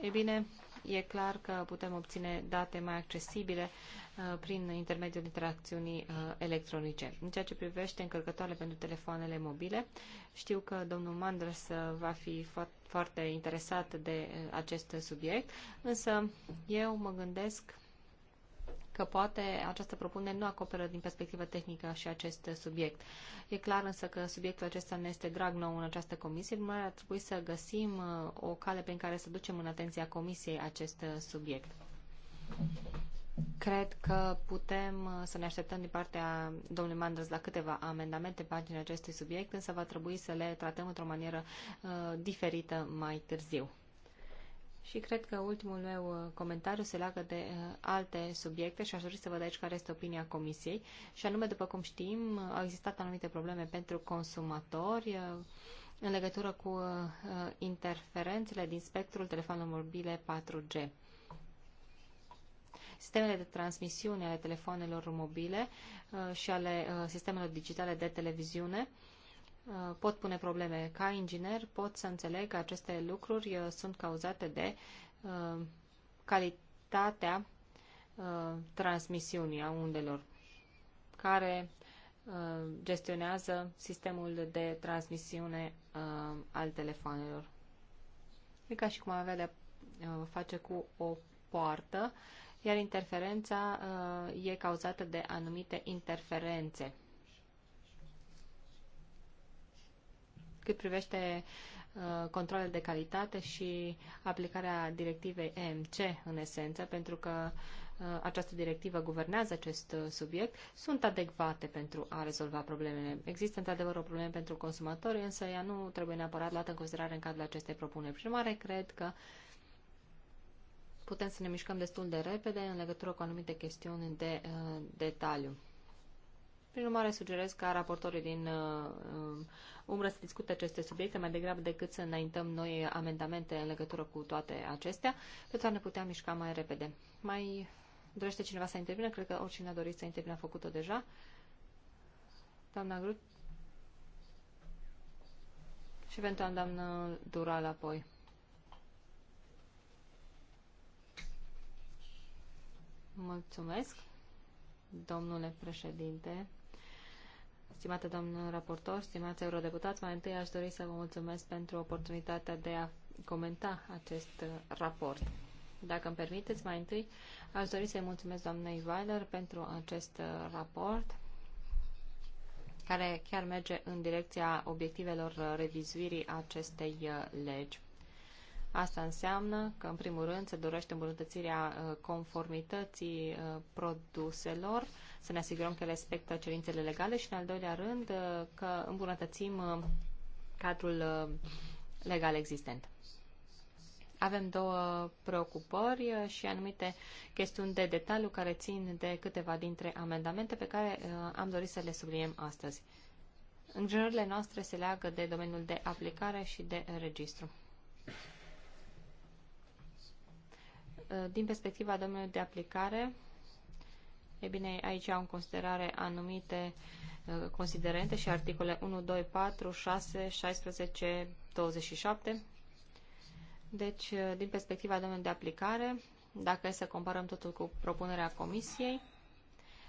E bine, E clar că putem obține date mai accesibile uh, prin intermediul interacțiunii uh, electronice. În ceea ce privește încărcătoarele pentru telefoanele mobile, știu că domnul Manders uh, va fi foarte interesat de acest subiect, însă eu mă gândesc că poate această propunere nu acoperă din perspectivă tehnică și acest subiect. E clar însă că subiectul acesta ne este drag nou în această comisie, numai ar trebui să găsim uh, o cale prin care să ducem în atenția comisiei acest uh, subiect. Cred că putem uh, să ne așteptăm din partea domnului Mandras la câteva amendamente pe acestui subiect, însă va trebui să le tratăm într-o manieră uh, diferită mai târziu. Și cred că ultimul meu uh, comentariu se leagă de uh, alte subiecte și aș dori să văd aici care este opinia Comisiei. Și anume, după cum știm, uh, au existat anumite probleme pentru consumatori în legătură cu interferențele din spectrul telefonului mobile 4G. Sistemele de transmisiune ale telefonelor mobile și ale sistemelor digitale de televiziune pot pune probleme. Ca inginer pot să înțeleg că aceste lucruri uh, sunt cauzate de uh, calitatea uh, transmisiunii a undelor care gestionează sistemul de transmisiune al telefonelor. E ca și cum avea de face cu o poartă, iar interferența e cauzată de anumite interferențe cât privește uh, controle de calitate și aplicarea directivei EMC, în esență, pentru că uh, această directivă guvernează acest uh, subiect, sunt adecvate pentru a rezolva problemele. Există într-adevăr o problemă pentru consumatori, însă ea nu trebuie neapărat luată în considerare în cadrul acestei propuneri. Prin cred că putem să ne mișcăm destul de repede în legătură cu anumite chestiuni de uh, detaliu. Prin urmare, sugerez ca raportorii din uh, um, umbră să discute aceste subiecte mai degrabă decât să înaintăm noi amendamente în legătură cu toate acestea, pentru a ne putea mișca mai repede. Mai dorește cineva să intervină? Cred că oricine a dorit să intervină a făcut-o deja. Doamna Grut și eventual doamna Dural apoi. Mulțumesc, domnule președinte. Stimate domn raportor, stimați eurodeputați, mai întâi aș dori să vă mulțumesc pentru oportunitatea de a comenta acest uh, raport. Dacă îmi permiteți, mai întâi aș dori să-i mulțumesc doamnei Weiler pentru acest uh, raport care chiar merge în direcția obiectivelor uh, revizuirii acestei legi. Asta înseamnă că, în primul rând, se dorește îmbunătățirea conformității produselor să ne asigurăm că respectă cerințele legale și, în al doilea rând, uh, că îmbunătățim uh, cadrul uh, legal existent. Avem două preocupări și anumite chestiuni de detaliu care țin de câteva dintre amendamente pe care am dorit să le subliniem astăzi. Îngrijorările noastre se leagă de domeniul de aplicare și de registru. Din perspectiva domeniului de aplicare, E bine, aici au în considerare anumite uh, considerente și articole 1, 2, 4, 6, 16, 27. Deci, uh, din perspectiva domeniului de aplicare, dacă e să comparăm totul cu propunerea comisiei,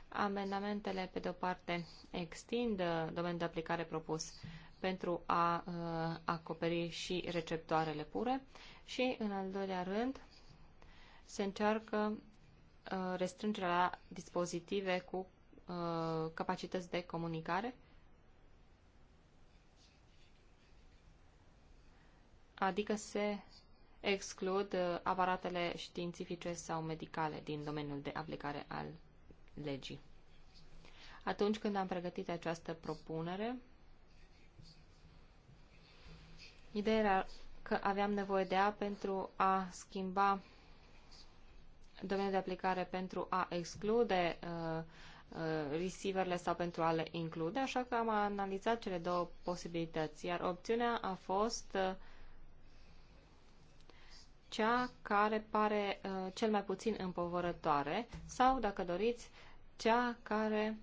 amendamentele, pe de-o parte, extind uh, domeniul de aplicare propus pentru a uh, acoperi și receptoarele pure și, în al doilea rând, se încearcă Uh, restrângerea la dispozitive cu uh, capacități de comunicare? Adică se exclud uh, aparatele științifice sau medicale din domeniul de aplicare al legii. Atunci când am pregătit această propunere, ideea era că aveam nevoie de ea pentru a schimba domeniul de aplicare pentru a exclude uh, uh receiverle sau pentru a le include, așa că am analizat cele două posibilități, iar opțiunea a fost uh, cea care pare uh, cel mai puțin împovărătoare sau, dacă doriți, cea care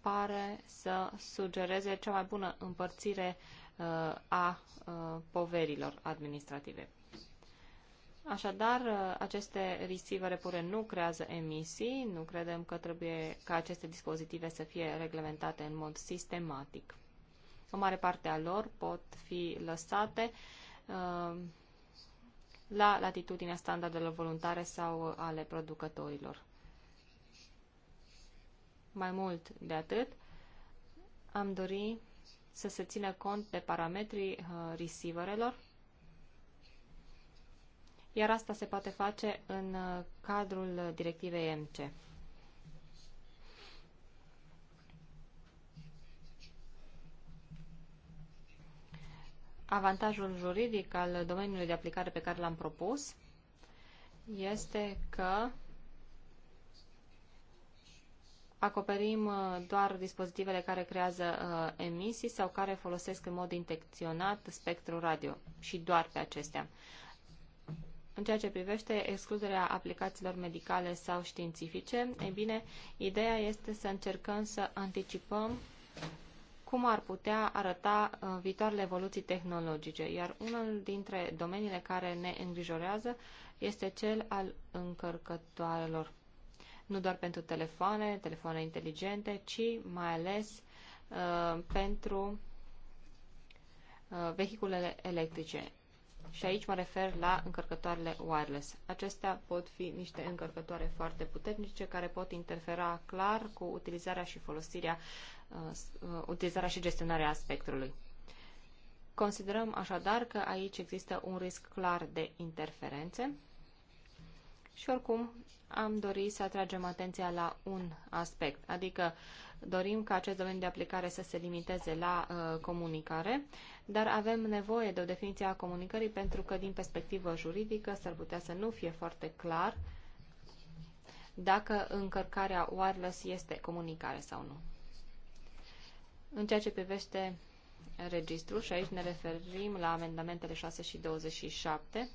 pare să sugereze cea mai bună împărțire a poverilor administrative. Așadar, aceste receivere pure nu creează emisii, nu credem că trebuie ca aceste dispozitive să fie reglementate în mod sistematic. O mare parte a lor pot fi lăsate uh, la latitudinea standardelor voluntare sau ale producătorilor. Mai mult de atât, am dori să se țină cont de parametrii uh, receiverelor iar asta se poate face în uh, cadrul directivei MC. Avantajul juridic al domeniului de aplicare pe care l-am propus este că acoperim uh, doar dispozitivele care creează uh, emisii sau care folosesc în mod intenționat spectrul radio și doar pe acestea în ceea ce privește excluderea aplicațiilor medicale sau științifice, e bine, ideea este să încercăm să anticipăm cum ar putea arăta uh, viitoarele evoluții tehnologice, iar unul dintre domeniile care ne îngrijorează este cel al încărcătoarelor. Nu doar pentru telefoane, telefoane inteligente, ci mai ales uh, pentru uh, vehiculele electrice. Și aici mă refer la încărcătoarele wireless. Acestea pot fi niște încărcătoare foarte puternice care pot interfera clar cu utilizarea și folosirea, uh, uh, utilizarea și gestionarea spectrului. Considerăm așadar că aici există un risc clar de interferențe și oricum am dorit să atragem atenția la un aspect, adică uh, Dorim ca acest domeniu de aplicare să se limiteze la uh, comunicare, dar avem nevoie de o definiție a comunicării pentru că, din perspectivă juridică, s-ar putea să nu fie foarte clar dacă încărcarea wireless este comunicare sau nu. În ceea ce privește registrul, și aici ne referim la amendamentele 6 și 27,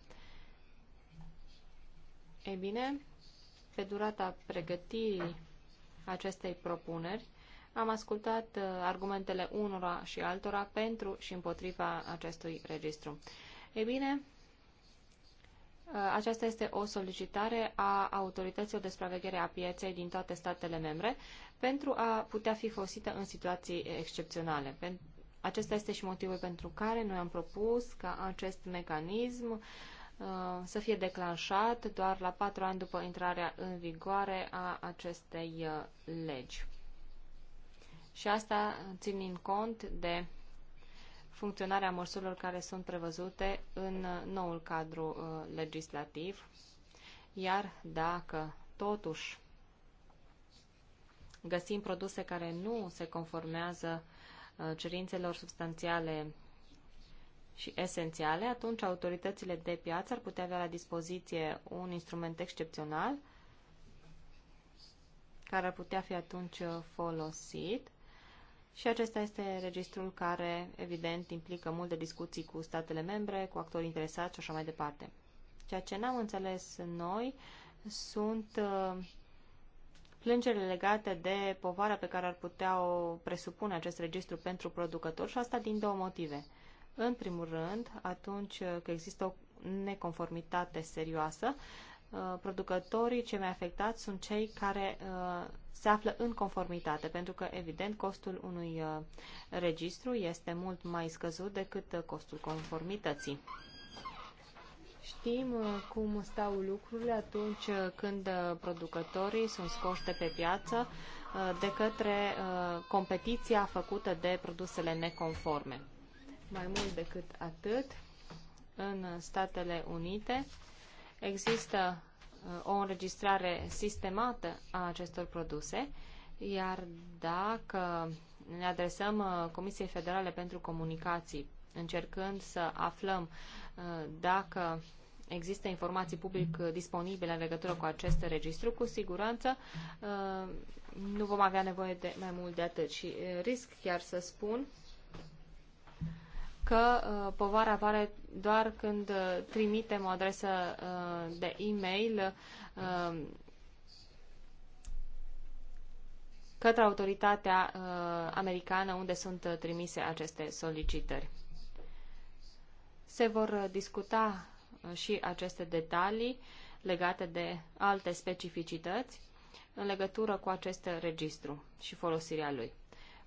ei bine, pe durata pregătirii acestei propuneri. Am ascultat uh, argumentele unora și altora pentru și împotriva acestui registru. Ei bine, uh, aceasta este o solicitare a autorităților de supraveghere a pieței din toate statele membre pentru a putea fi folosită în situații excepționale. Acesta este și motivul pentru care noi am propus ca acest mecanism uh, Uh, să fie declanșat doar la patru ani după intrarea în vigoare a acestei uh, legi. Și asta ținând cont de funcționarea măsurilor care sunt prevăzute în uh, noul cadru legislativ, iar dacă totuși găsim produse care nu se conformează cerințelor substanțiale și esențiale, atunci autoritățile de piață ar putea avea la dispoziție un instrument excepțional care ar putea fi atunci uh, folosit. Și acesta este registrul care, evident, implică multe discuții cu statele membre, cu actori interesați și așa mai departe. Ceea ce n-am înțeles noi sunt uh, plângerile legate de povara pe care ar putea o presupune acest registru pentru producători și asta din două motive. În primul rând, atunci când există o neconformitate serioasă, uh, producătorii cei mai afectați sunt cei care uh, se află în conformitate, pentru că, evident, costul unui uh, registru este mult mai scăzut decât costul conformității. Știm cum stau lucrurile atunci când producătorii sunt scoși de pe piață de către competiția făcută de produsele neconforme. Mai mult decât atât, în Statele Unite există uh, o înregistrare sistemată a acestor produse, iar dacă ne adresăm uh, Comisiei Federale pentru Comunicații, încercând să aflăm uh, dacă există informații public disponibile în legătură cu acest registru, cu siguranță nu vom avea nevoie de mai mult de atât. Și risc chiar să spun că uh, povara apare doar când uh, trimitem o adresă uh, de e-mail către autoritatea americană unde sunt trimise aceste solicitări. Se vor discuta și aceste detalii legate de alte specificități în legătură cu acest registru și folosirea lui.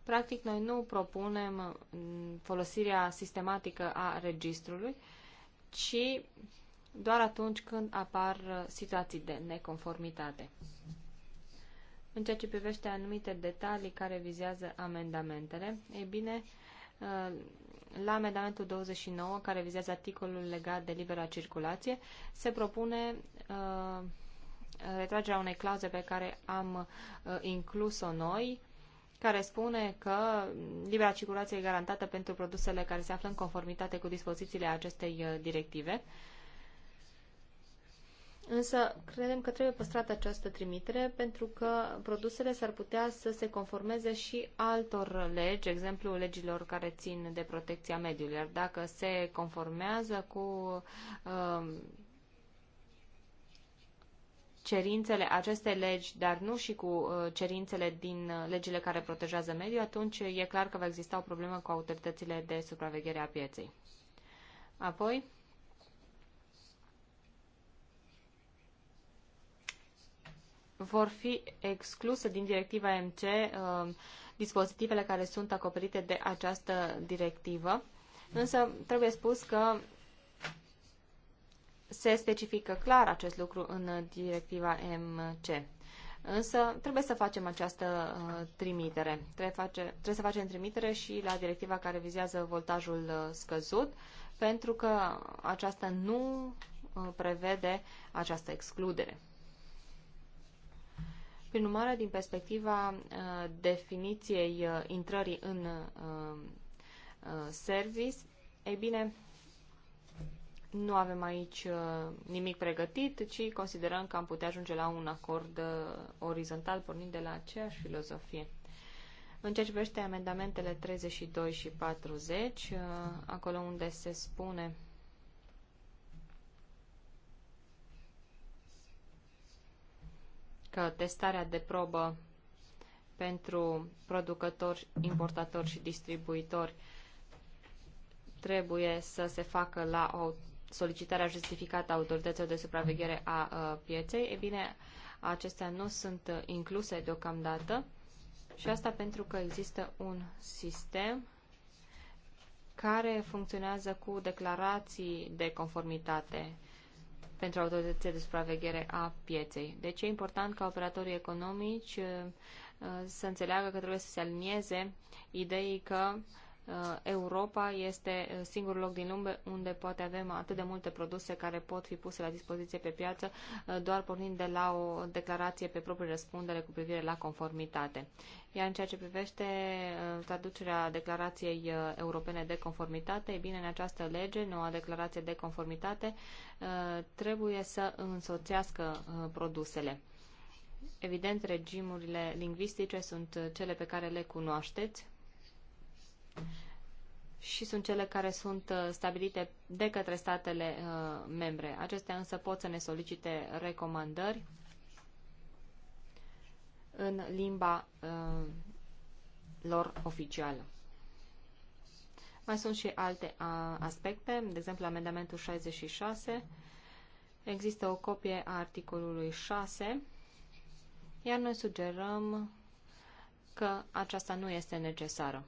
Practic, noi nu propunem uh, folosirea sistematică a registrului, ci doar atunci când apar uh, situații de neconformitate. În ceea ce privește anumite detalii care vizează amendamentele, e bine, uh, la amendamentul 29, care vizează articolul legat de libera circulație, se propune retragerea unei clauze pe care am inclus-o noi care spune că libera circulație e garantată pentru produsele care se află în conformitate cu dispozițiile acestei uh, directive. Însă credem că trebuie păstrată această trimitere pentru că produsele s-ar putea să se conformeze și altor legi, exemplu legilor care țin de protecția mediului. Iar dacă se conformează cu uh, cerințele acestei legi, dar nu și cu uh, cerințele din uh, legile care protejează mediul, atunci uh, e clar că va exista o problemă cu autoritățile de supraveghere a pieței. Apoi, vor fi excluse din directiva MC dispozitivele care sunt acoperite de această directivă. Însă trebuie spus că se specifică clar acest lucru în directiva MC. Însă trebuie să facem această uh, trimitere. Trebuie, face, trebuie să facem trimitere și la directiva care vizează voltajul uh, scăzut, pentru că aceasta nu uh, prevede această excludere. Prin urmare, din perspectiva uh, definiției uh, intrării în uh, service, ei bine, nu avem aici uh, nimic pregătit, ci considerăm că am putea ajunge la un acord uh, orizontal pornind de la aceeași filozofie. În ceea ce privește amendamentele 32 și 40, uh, acolo unde se spune că testarea de probă pentru producători, importatori și distribuitori trebuie să se facă la o solicitarea justificată a autorităților de supraveghere a pieței, e bine, acestea nu sunt incluse deocamdată și asta pentru că există un sistem care funcționează cu declarații de conformitate pentru autoritățile de supraveghere a pieței. Deci e important ca operatorii economici uh, să înțeleagă că trebuie să se alinieze ideii că uh, Uh, Europa este uh, singurul loc din lume unde poate avem atât de multe produse care pot fi puse la dispoziție pe piață, uh, doar pornind de la o declarație pe proprie răspundere cu privire la conformitate. Iar în ceea ce privește traducerea declarației europene de conformitate, e bine, în această lege, noua declarație de conformitate trebuie să însoțească produsele. Evident, regimurile lingvistice sunt cele pe care le cunoașteți, și sunt cele care sunt uh, stabilite de către statele uh, membre. Acestea însă pot să ne solicite recomandări în limba uh, lor oficială. Mai sunt și alte aspecte, de exemplu amendamentul 66. Există o copie a articolului 6, iar noi sugerăm că aceasta nu este necesară.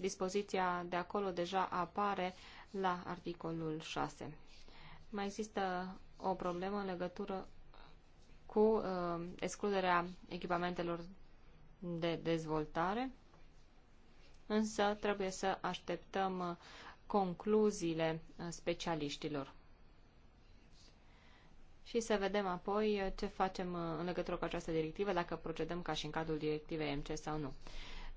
Dispoziția de acolo deja apare la articolul 6. Mai există o problemă în legătură cu uh, excluderea echipamentelor de dezvoltare, însă trebuie să așteptăm uh, concluziile uh, specialiștilor. Și să vedem apoi uh, ce facem în legătură cu această directivă, dacă procedăm ca și în cadrul directivei MC sau nu.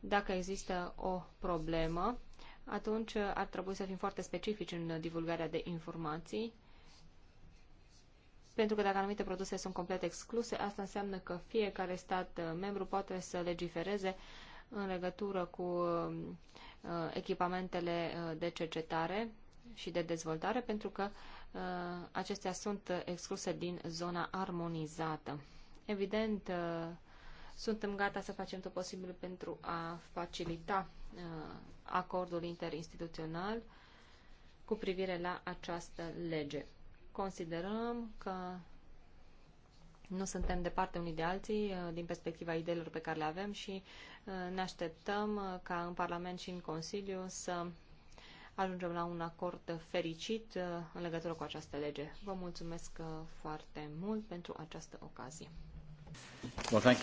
Dacă există o problemă, atunci ar trebui să fim foarte specifici în divulgarea de informații, pentru că dacă anumite produse sunt complet excluse, asta înseamnă că fiecare stat uh, membru poate să legifereze în legătură cu um, uh, echipamentele uh, de cercetare și de dezvoltare, pentru că acestea sunt excluse din zona armonizată. Evident, suntem gata să facem tot posibilul pentru a facilita uh, acordul interinstituțional cu privire la această lege. Considerăm că nu suntem departe unii de alții uh, din perspectiva ideilor pe care le avem și uh, ne așteptăm ca în Parlament și în Consiliu să ajungem la un acord fericit în legătură cu această lege. Vă mulțumesc foarte mult pentru această ocazie.
Uh,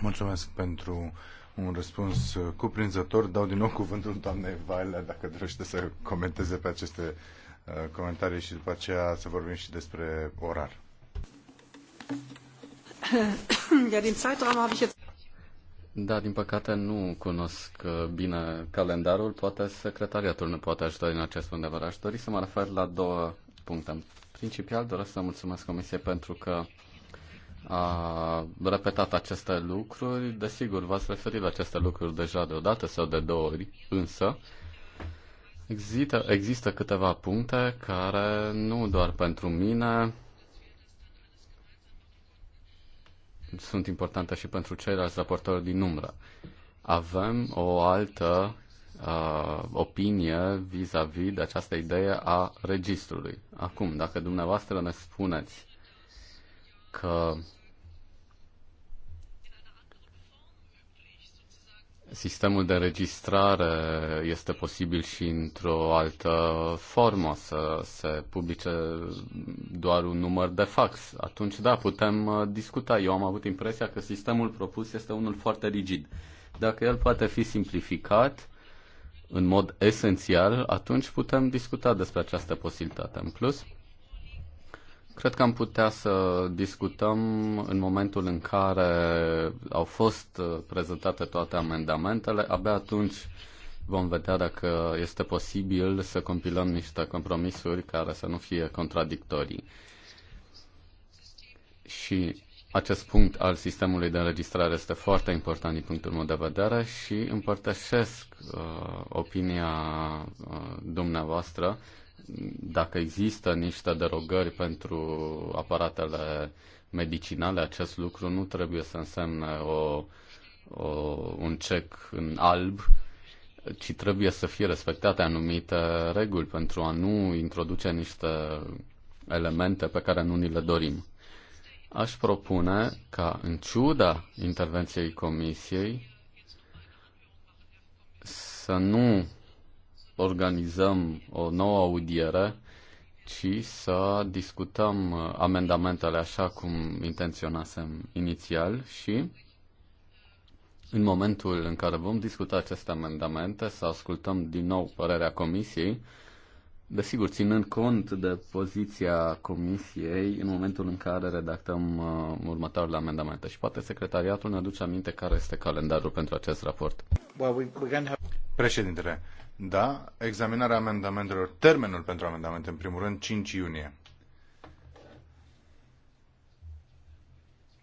Mulțumesc pentru un răspuns uh, cuprinzător. Dau din nou cuvântul doamnei Vaila dacă dorește să comenteze pe aceste uh, comentarii și după aceea să vorbim
și despre orar. Da, din păcate nu cunosc bine calendarul, poate secretariatul ne poate ajuta din acest undeva. Aș dori să mă refer la două puncte principial doresc să mulțumesc Comisiei pentru că a repetat aceste lucruri. Desigur, v-ați referit la aceste lucruri deja de o dată sau de două ori, însă există, există câteva puncte care nu doar pentru mine sunt importante și pentru ceilalți raportori din umbră. Avem o altă uh, opinie vis-a-vis -vis de această idee a registrului. Acum, dacă dumneavoastră ne spuneți că sistemul de registrare este posibil și într-o altă formă, să se publice doar un număr de fax. Atunci, da, putem uh, discuta. Eu am avut impresia că sistemul propus este unul foarte rigid. Dacă el poate fi simplificat, în mod esențial, atunci putem discuta despre această posibilitate. În plus, cred că am putea să discutăm în momentul în care au fost uh, prezentate toate amendamentele, abia atunci vom vedea dacă este posibil să compilăm niște compromisuri care să nu fie contradictorii. Și acest punct al sistemului de înregistrare este foarte important din punctul meu de vedere și împărtășesc uh, opinia uh, dumneavoastră dacă există niște derogări pentru aparatele medicinale, acest lucru nu trebuie să însemne o, o, un cec în alb, ci trebuie să fie respectate anumite reguli pentru a nu introduce niște elemente pe care nu ni le dorim aș propune ca, în ciuda intervenției Comisiei, să nu organizăm o nouă audiere, ci să discutăm uh, amendamentele așa cum intenționasem inițial și în momentul în care vom discuta aceste amendamente, să ascultăm din nou părerea Comisiei Desigur, ținând cont de poziția comisiei în momentul în care redactăm uh, următoarele amendamente și poate secretariatul ne aduce aminte care este calendarul pentru acest raport. Președintele,
da, examinarea amendamentelor, termenul pentru amendamente, în primul rând, 5 iunie.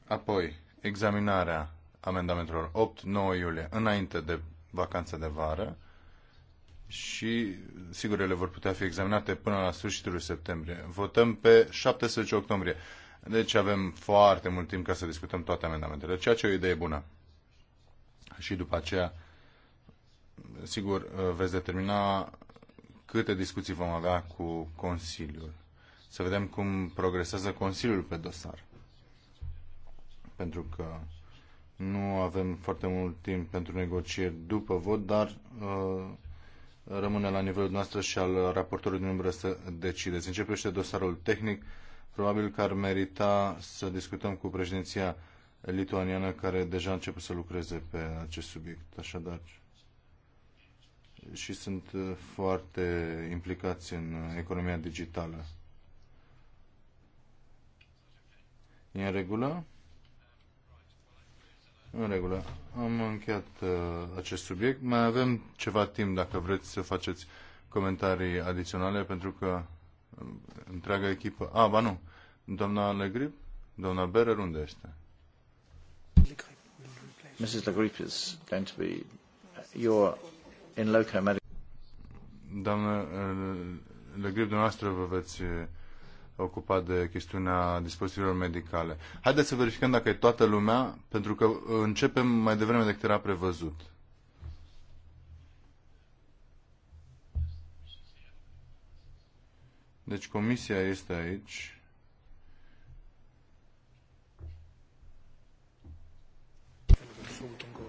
Apoi, examinarea amendamentelor 8-9 iulie, înainte de vacanța de vară și, sigur, ele vor putea fi examinate până la sfârșitul septembrie. Votăm pe 17 octombrie. Deci avem foarte mult timp ca să discutăm toate amendamentele, ceea ce e o idee bună. Și după aceea, sigur, veți determina câte discuții vom avea cu Consiliul. Să vedem cum progresează Consiliul pe dosar. Pentru că nu avem foarte mult timp pentru negocieri după vot, dar uh, rămâne la nivelul noastră și al raportorului din umbră să decideți. Deci, Începește dosarul tehnic. Probabil că ar merita să discutăm cu președinția lituaniană care deja începe să lucreze pe acest subiect. Așadar, și sunt uh, foarte implicați în uh, economia digitală. E în regulă? În regulă. Am încheiat uh, acest subiect. Mai avem ceva timp dacă vreți să faceți comentarii adiționale, pentru că uh, întreaga echipă... A, ah, ba nu. Doamna Legrip? Doamna Berer, unde este? Mrs. Legrip is going to be... Uh, You're in loco medical... Doamna uh, Legrip, dumneavoastră vă veți ocupat de chestiunea dispozitivelor medicale. Haideți să verificăm dacă e toată lumea, pentru că începem mai devreme decât era prevăzut. Deci comisia este aici.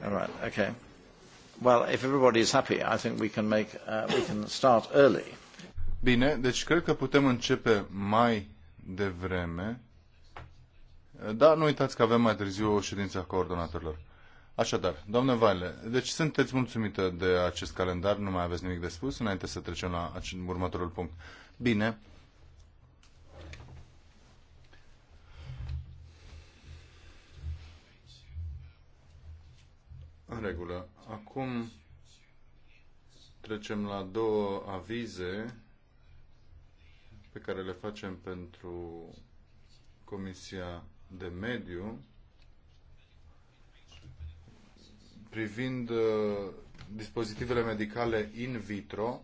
All right, okay. Well, if everybody is happy, I think we can make,
uh, we can start early. Bine, deci cred că putem începe mai devreme. Da, nu uitați că avem mai târziu o ședință a coordonatorilor. Așadar, doamne Vale, deci sunteți mulțumită de acest calendar, nu mai aveți nimic de spus înainte să trecem la următorul punct. Bine. În regulă. Acum trecem la două avize pe care le facem pentru Comisia de Mediu privind uh, dispozitivele medicale in vitro,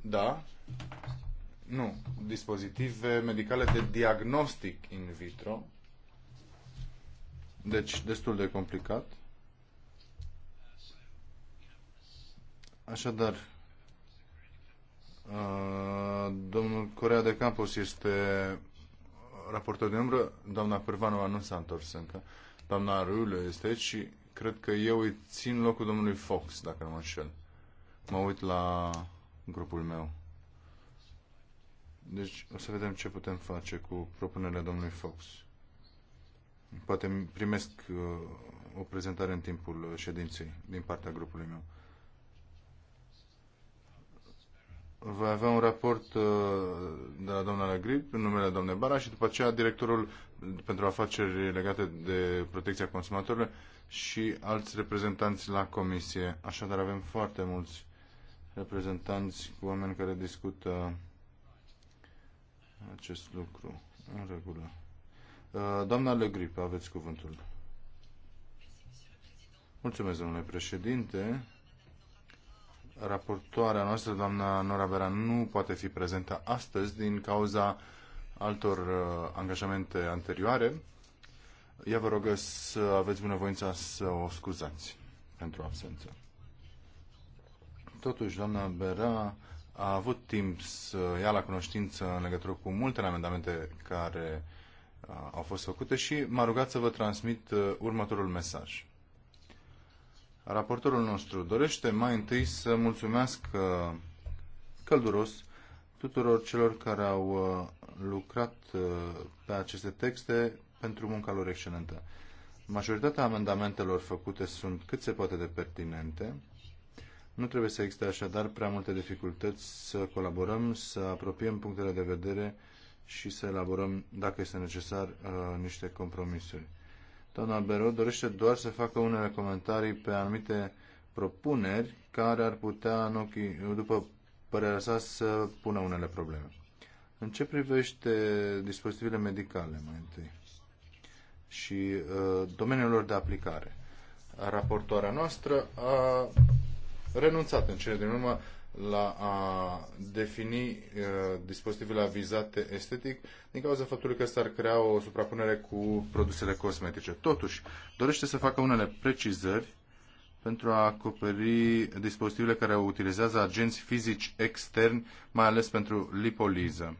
da, nu, dispozitive medicale de diagnostic in vitro, deci destul de complicat. Așadar, Uh, domnul Corea de Campos este raportor de umbră. Doamna Pârvanova nu s-a întors încă. Doamna Râulă este aici și cred că eu îi țin locul domnului Fox, dacă nu mă înșel. Mă uit la grupul meu. Deci o să vedem ce putem face cu propunerea domnului Fox. Poate primesc uh, o prezentare în timpul uh, ședinței din partea grupului meu. voi avea un raport uh, de la doamna Lagrip în numele doamnei Bara și după aceea directorul pentru afaceri legate de protecția consumatorilor și alți reprezentanți la comisie. Așadar avem foarte mulți reprezentanți cu oameni care discută acest lucru. În regulă. Uh, doamna Legrip, aveți cuvântul. Mulțumesc, domnule președinte raportoarea noastră, doamna Nora Vera, nu poate fi prezentă astăzi din cauza altor uh, angajamente anterioare. Ia vă rog să aveți bunăvoința să o scuzați pentru absență. Totuși, doamna Bera a avut timp să ia la cunoștință în legătură cu multele amendamente care uh, au fost făcute și m-a rugat să vă transmit uh, următorul mesaj raportorul nostru dorește mai întâi să mulțumesc uh, călduros tuturor celor care au uh, lucrat uh, pe aceste texte pentru munca lor excelentă. Majoritatea amendamentelor făcute sunt cât se poate de pertinente. Nu trebuie să existe așadar prea multe dificultăți să colaborăm, să apropiem punctele de vedere și să elaborăm, dacă este necesar, niște compromisuri. Doamna Berou dorește doar să facă unele comentarii pe anumite propuneri care ar putea, în ochii, după părerea sa, să pună unele probleme. În ce privește dispozitivele medicale, mai întâi, și uh, domeniilor de aplicare, raportoarea noastră a renunțat în cele din urmă la a defini uh, dispozitivele avizate estetic din cauza faptului că s-ar crea o suprapunere cu produsele cosmetice. Totuși, dorește să facă unele precizări pentru a acoperi dispozitivele care utilizează agenți fizici externi, mai ales pentru lipoliză.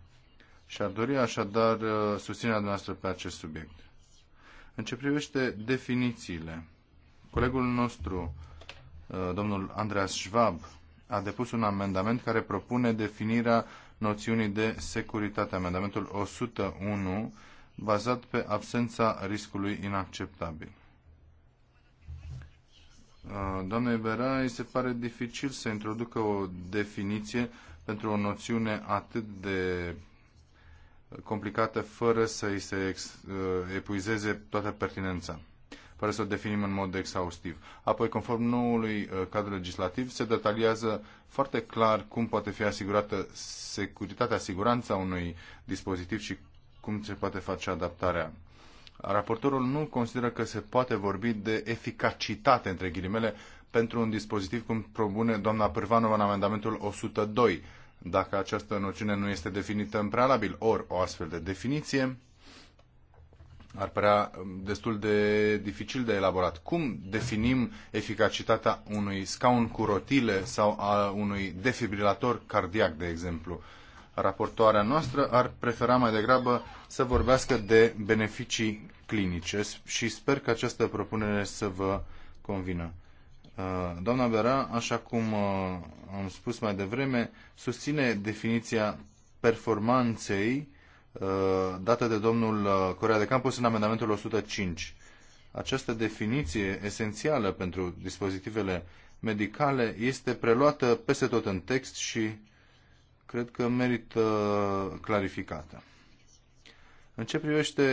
Și ar dori așadar uh, susținerea noastră pe acest subiect. În ce privește definițiile, colegul nostru, uh, domnul Andreas Schwab, a depus un amendament care propune definirea noțiunii de securitate, amendamentul 101, bazat pe absența riscului inacceptabil. Uh, doamne Bera, îi se pare dificil să introducă o definiție pentru o noțiune atât de complicată fără să îi se uh, epuizeze toată pertinența fără să o definim în mod exhaustiv. Apoi, conform noului uh, cadru legislativ, se detaliază foarte clar cum poate fi asigurată securitatea, siguranța unui dispozitiv și cum se poate face adaptarea. Raportorul nu consideră că se poate vorbi de eficacitate, între ghilimele, pentru un dispozitiv, cum propune doamna Pârvanova în amendamentul 102, dacă această noțiune nu este definită în prealabil. Ori, o astfel de definiție ar părea um, destul de dificil de elaborat. Cum definim eficacitatea unui scaun cu rotile sau a unui defibrilator cardiac, de exemplu? Raportoarea noastră ar prefera mai degrabă să vorbească de beneficii clinice și sper că această propunere să vă convină. Uh, doamna Bera, așa cum uh, am spus mai devreme, susține definiția performanței Uh, dată de domnul uh, Corea de Campus în amendamentul 105. Această definiție esențială pentru dispozitivele medicale este preluată peste tot în text și cred că merită clarificată. În ce privește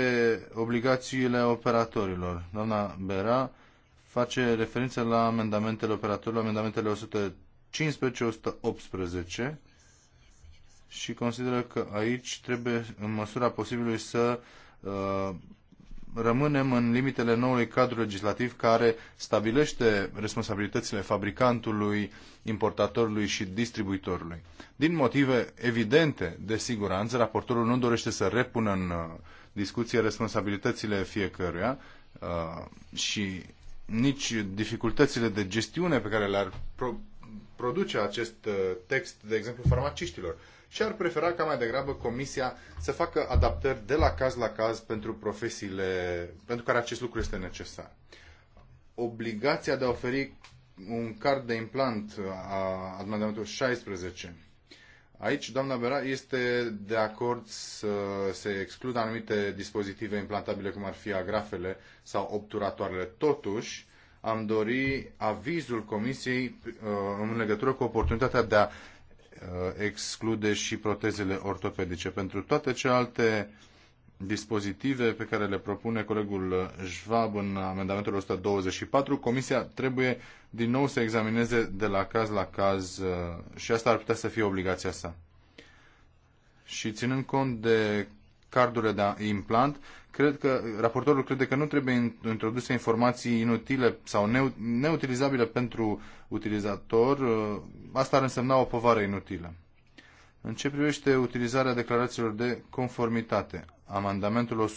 obligațiile operatorilor, doamna Bera face referință la amendamentele operatorilor, amendamentele 115-118, și consideră că aici trebuie, în măsura posibilului, să uh, rămânem în limitele noului cadru legislativ care stabilește responsabilitățile fabricantului, importatorului și distribuitorului. Din motive evidente de siguranță, raportorul nu dorește să repună în uh, discuție responsabilitățile fiecăruia uh, și nici dificultățile de gestiune pe care le-ar pro- produce acest uh, text, de exemplu, farmaciștilor și ar prefera ca mai degrabă Comisia să facă adaptări de la caz la caz pentru profesiile pentru care acest lucru este necesar. Obligația de a oferi un card de implant a amendamentului 16. Aici doamna Bera este de acord să se excludă anumite dispozitive implantabile, cum ar fi agrafele sau obturatoarele. Totuși, am dori avizul Comisiei uh, în legătură cu oportunitatea de a Uh, exclude și protezele ortopedice. Pentru toate celelalte dispozitive pe care le propune colegul Schwab în amendamentul 124, Comisia trebuie din nou să examineze de la caz la caz uh, și asta ar putea să fie obligația sa. Și ținând cont de cardurile de implant, cred că raportorul crede că nu trebuie introduse informații inutile sau neutilizabile pentru utilizator. Uh, asta ar însemna o povară inutilă. În ce privește utilizarea declarațiilor de conformitate, amendamentul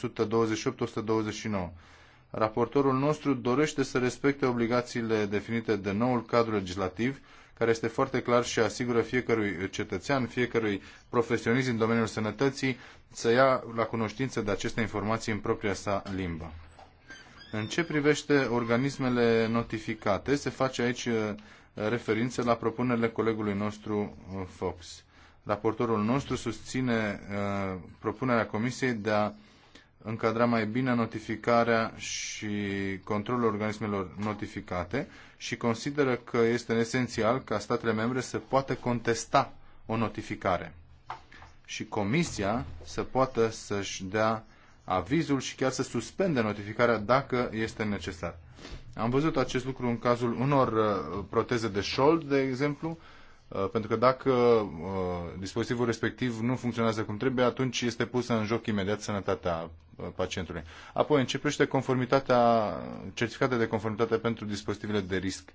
128-129, raportorul nostru dorește să respecte obligațiile definite de noul cadru legislativ care este foarte clar și asigură fiecărui cetățean, fiecărui profesionist din domeniul sănătății să ia la cunoștință de aceste informații în propria sa limbă. În ce privește organismele notificate, se face aici uh, referință la propunerile colegului nostru uh, Fox. Raportorul nostru susține uh, propunerea Comisiei de a încadra mai bine notificarea și controlul organismelor notificate și consideră că este esențial ca statele membre să poată contesta o notificare și Comisia să poată să-și dea avizul și chiar să suspende notificarea dacă este necesar. Am văzut acest lucru în cazul unor uh, proteze de șold, de exemplu, Uh, pentru că dacă uh, dispozitivul respectiv nu funcționează cum trebuie, atunci este pusă în joc imediat sănătatea uh, pacientului. Apoi începește conformitatea, certificate de conformitate pentru dispozitivele de risc.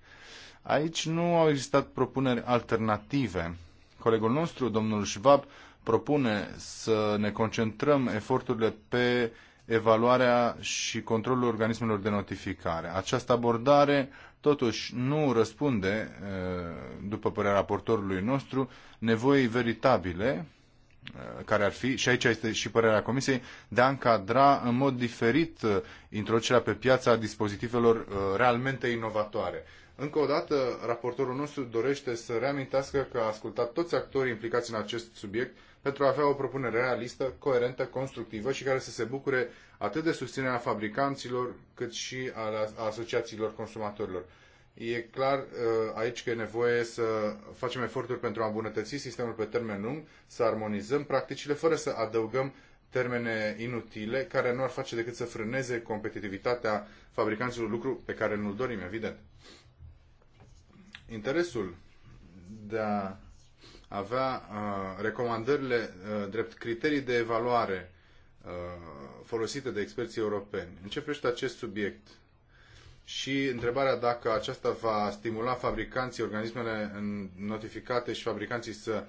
Aici nu au existat propuneri alternative. Colegul nostru, domnul Schwab, propune să ne concentrăm eforturile pe evaluarea și controlul organismelor de notificare. Această abordare totuși nu răspunde, după părerea raportorului nostru, nevoii veritabile care ar fi, și aici este și părerea Comisiei, de a încadra în mod diferit introducerea pe piața dispozitivelor realmente inovatoare. Încă o dată, raportorul nostru dorește să reamintească că a ascultat toți actorii implicați în acest subiect pentru a avea o propunere realistă, coerentă, constructivă și care să se bucure atât de susținerea fabricanților cât și a asociațiilor consumatorilor. E clar uh, aici că e nevoie să facem eforturi pentru a îmbunătăți sistemul pe termen lung, să armonizăm practicile fără să adăugăm termene inutile care nu ar face decât să frâneze competitivitatea fabricanților, lucru pe care nu-l dorim, evident. Interesul de a avea uh, recomandările uh, drept criterii de evaluare uh, folosite de experții europeni. Începește acest subiect și întrebarea dacă aceasta va stimula fabricanții, organismele notificate și fabricanții să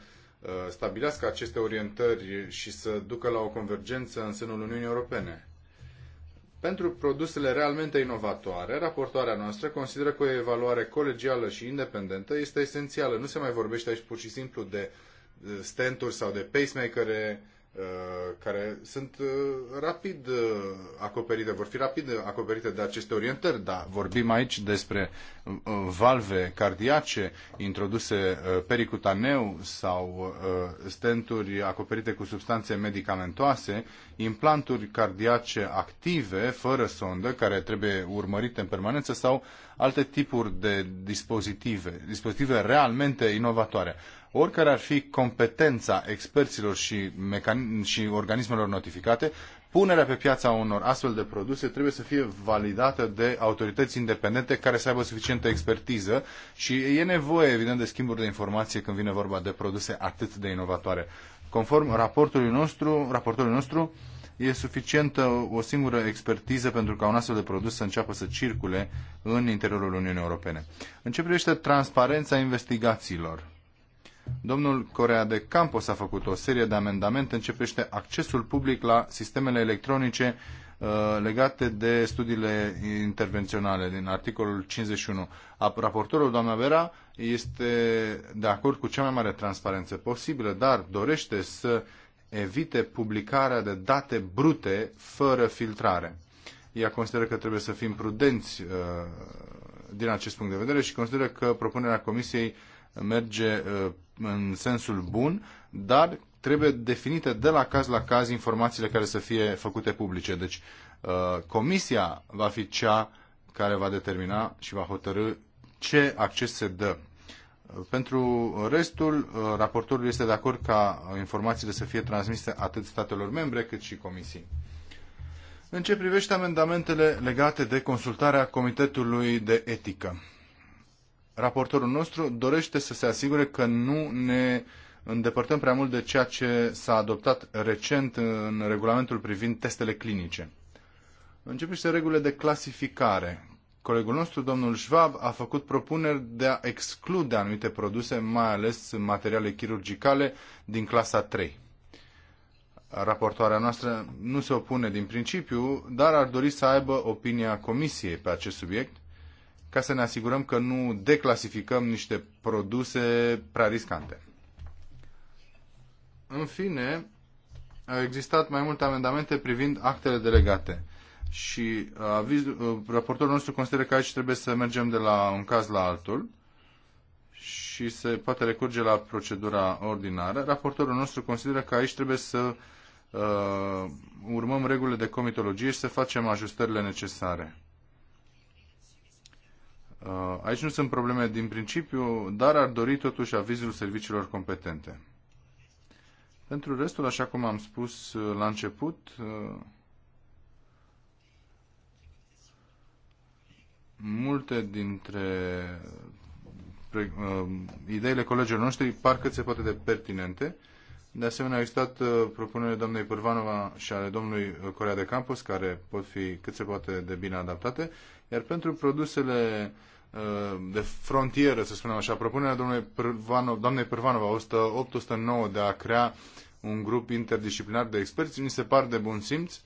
stabilească aceste orientări și să ducă la o convergență în sânul Uniunii Europene. Pentru produsele realmente inovatoare, raportoarea noastră consideră că o evaluare colegială și independentă este esențială. Nu se mai vorbește aici pur și simplu de eh, stenturi sau de pacemakere Uh, care sunt uh, rapid uh, acoperite, vor fi rapid acoperite de aceste orientări, dar vorbim aici despre valve cardiace introduse pericutaneu sau stenturi acoperite cu substanțe medicamentoase, implanturi cardiace active, fără sondă, care trebuie urmărite în permanență sau alte tipuri de dispozitive, dispozitive realmente inovatoare oricare ar fi competența experților și, și organismelor notificate, punerea pe piața unor astfel de produse trebuie să fie validată de autorități independente care să aibă suficientă expertiză și e nevoie, evident, de schimburi de informație când vine vorba de produse atât de inovatoare. Conform raportului nostru, raportului nostru e suficientă o singură expertiză pentru ca un astfel de produs să înceapă să circule în interiorul Uniunii Europene. În ce privește transparența investigațiilor, Domnul Corea de Campos a făcut o serie de amendamente, în ce privește accesul public la sistemele electronice uh, legate de studiile intervenționale din articolul 51. Raportorul, doamna Vera, este de acord cu cea mai mare transparență posibilă, dar dorește să evite publicarea de date brute fără filtrare. Ea consideră că trebuie să fim prudenți uh, din acest punct de vedere și consideră că propunerea Comisiei uh, merge uh, în sensul bun, dar trebuie definite de la caz la caz informațiile care să fie făcute publice. Deci uh, comisia va fi cea care va determina și va hotărâ ce acces se dă. Pentru restul, uh, raportorul este de acord ca informațiile să fie transmise atât statelor membre cât și comisiei. În ce privește amendamentele legate de consultarea Comitetului de Etică, raportorul nostru dorește să se asigure că nu ne îndepărtăm prea mult de ceea ce s-a adoptat recent în regulamentul privind testele clinice. Începește regulile de clasificare. Colegul nostru, domnul Schwab, a făcut propuneri de a exclude anumite produse, mai ales materiale chirurgicale, din clasa 3. Raportoarea noastră nu se opune din principiu, dar ar dori să aibă opinia Comisiei pe acest subiect ca să ne asigurăm că nu declasificăm niște produse prea riscante. În fine, au existat mai multe amendamente privind actele delegate și uh, aviz, uh, raportorul nostru consideră că aici trebuie să mergem de la un caz la altul și se poate recurge la procedura ordinară. Raportorul nostru consideră că aici trebuie să uh, urmăm regulile de comitologie și să facem ajustările necesare. Uh, aici nu sunt probleme din principiu, dar ar dori totuși avizul serviciilor competente. Pentru restul, așa cum am spus uh, la început, uh, multe dintre ideile colegilor noștri par cât se poate de pertinente. De asemenea, au existat propunerile doamnei Pârvanova și ale domnului Corea de Campos, care pot fi cât se poate de bine adaptate, iar pentru produsele Uh, de frontieră, să spunem așa. Propunerea domnului Pârvano, doamnei Pârvanova 1809 de a crea un grup interdisciplinar de experți mi se par de bun simț,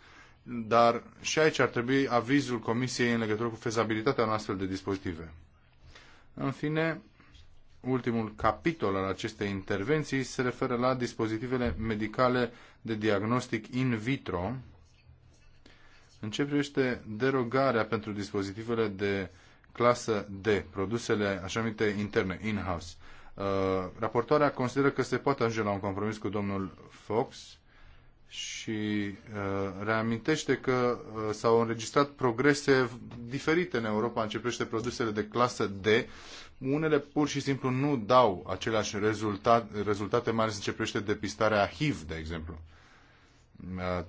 dar și aici ar trebui avizul Comisiei în legătură cu fezabilitatea în astfel de dispozitive. În fine, ultimul capitol al acestei intervenții se referă la dispozitivele medicale de diagnostic in vitro. În ce privește derogarea pentru dispozitivele de uh, clasă D, produsele așa numite interne, in-house. Uh, raportoarea consideră că se poate ajunge la un compromis cu domnul Fox și uh, reamintește că uh, s-au înregistrat progrese diferite în Europa în ce privește produsele de clasă D. Unele pur și simplu nu dau aceleași rezultate, rezultate mai ales în ce privește depistarea HIV, de exemplu.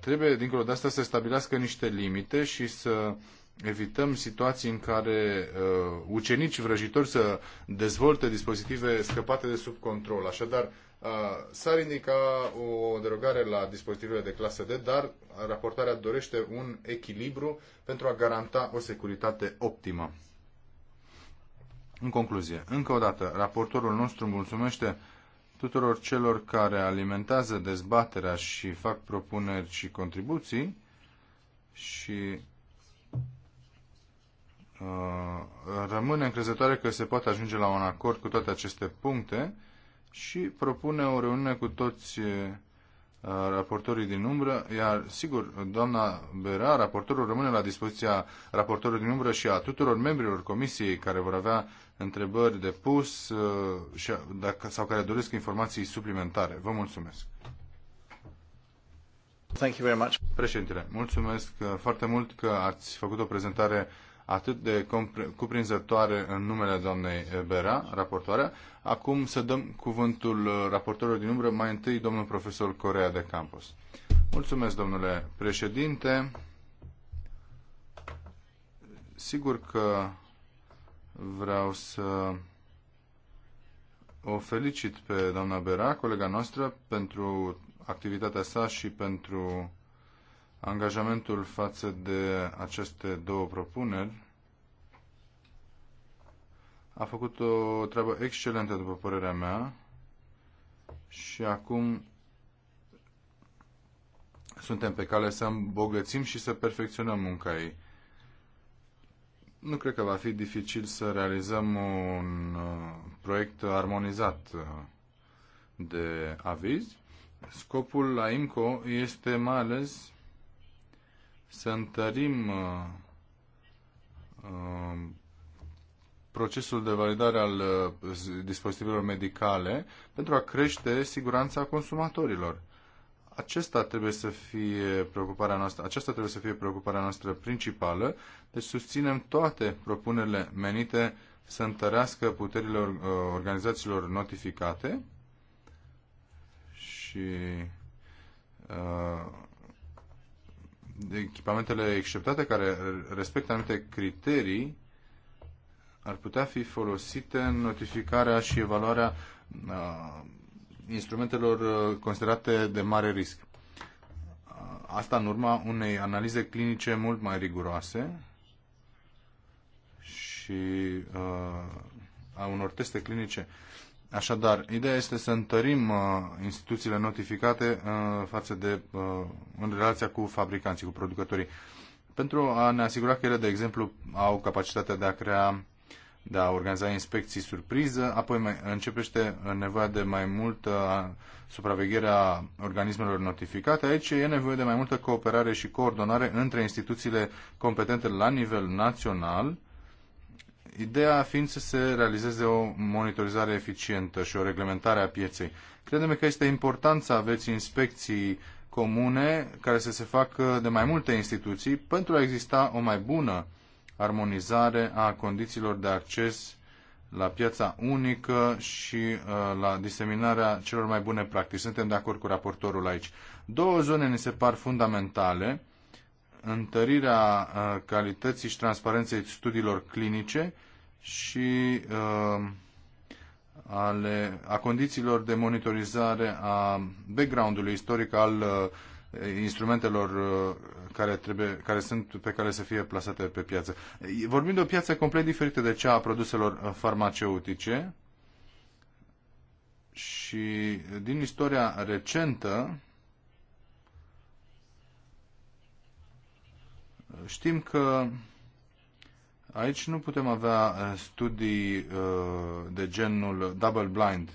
Trebuie, dincolo de asta, să stabilească niște limite și să uh, evităm situații în care uh, ucenici vrăjitori să dezvolte dispozitive scăpate de sub control. Așadar, uh, s-ar indica o derogare la dispozitivele de clasă D, dar raportarea dorește un echilibru pentru a garanta o securitate optimă. În concluzie, încă o dată, raportorul nostru mulțumește tuturor celor care alimentează dezbaterea și fac propuneri și contribuții și Uh, rămâne încrezătoare că se poate ajunge la un acord cu toate aceste puncte și propune o reuniune cu toți uh, raportorii din umbră, iar sigur, doamna Bera, raportorul rămâne la dispoziția raportorului din umbră și a tuturor membrilor comisiei care vor avea întrebări de pus uh, sau care doresc informații suplimentare. Vă mulțumesc! Thank you very much. Președintele, mulțumesc foarte mult că ați făcut o prezentare atât de cuprinzătoare în numele doamnei Bera, raportoarea. Acum să dăm cuvântul uh, raportorilor din umbră, mai întâi domnul profesor Corea de Campos. Mulțumesc, domnule președinte. Sigur că vreau să o felicit pe doamna Bera, colega noastră, pentru activitatea sa și pentru angajamentul față de aceste două propuneri a făcut o treabă excelentă, după părerea mea, și acum suntem pe cale să îmbogățim și să perfecționăm munca ei. Nu cred că va fi dificil să realizăm un uh, proiect armonizat uh, de aviz. Scopul la IMCO este mai ales să întărim uh, uh, procesul de validare al uh, dispozitivelor medicale pentru a crește siguranța consumatorilor. Acesta trebuie să fie preocuparea noastră, aceasta trebuie să fie preocuparea noastră principală, deci susținem toate propunerile menite să întărească puterile organizațiilor notificate și uh, echipamentele exceptate care respectă anumite criterii ar putea fi folosite în notificarea și evaluarea uh, instrumentelor uh, considerate de mare risc. Uh, asta în urma unei analize clinice mult mai riguroase și uh, a unor teste clinice Așadar, ideea este să întărim uh, instituțiile notificate uh, față de, uh, în relația cu fabricanții, cu producătorii, pentru a ne asigura că ele, de exemplu, au capacitatea de a crea, de a organiza inspecții surpriză, apoi mai începește nevoia de mai multă supraveghere a organismelor notificate. Aici e nevoie de mai multă cooperare și coordonare între instituțiile competente la nivel național, Ideea fiind să se realizeze o monitorizare eficientă și o reglementare a pieței. Credem că este important să aveți inspecții comune care să se facă de mai multe instituții pentru a exista o mai bună armonizare a condițiilor de acces la piața unică și uh, la diseminarea celor mai bune practici. Suntem de acord cu raportorul aici. Două zone ni se par fundamentale întărirea uh, calității și transparenței studiilor clinice și uh, ale, a condițiilor de monitorizare a background-ului istoric al uh, instrumentelor care, trebuie, care sunt pe care să fie plasate pe piață. Vorbim de o piață complet diferită de cea a produselor farmaceutice și din istoria recentă Știm că aici nu putem avea uh, studii uh, de genul double blind,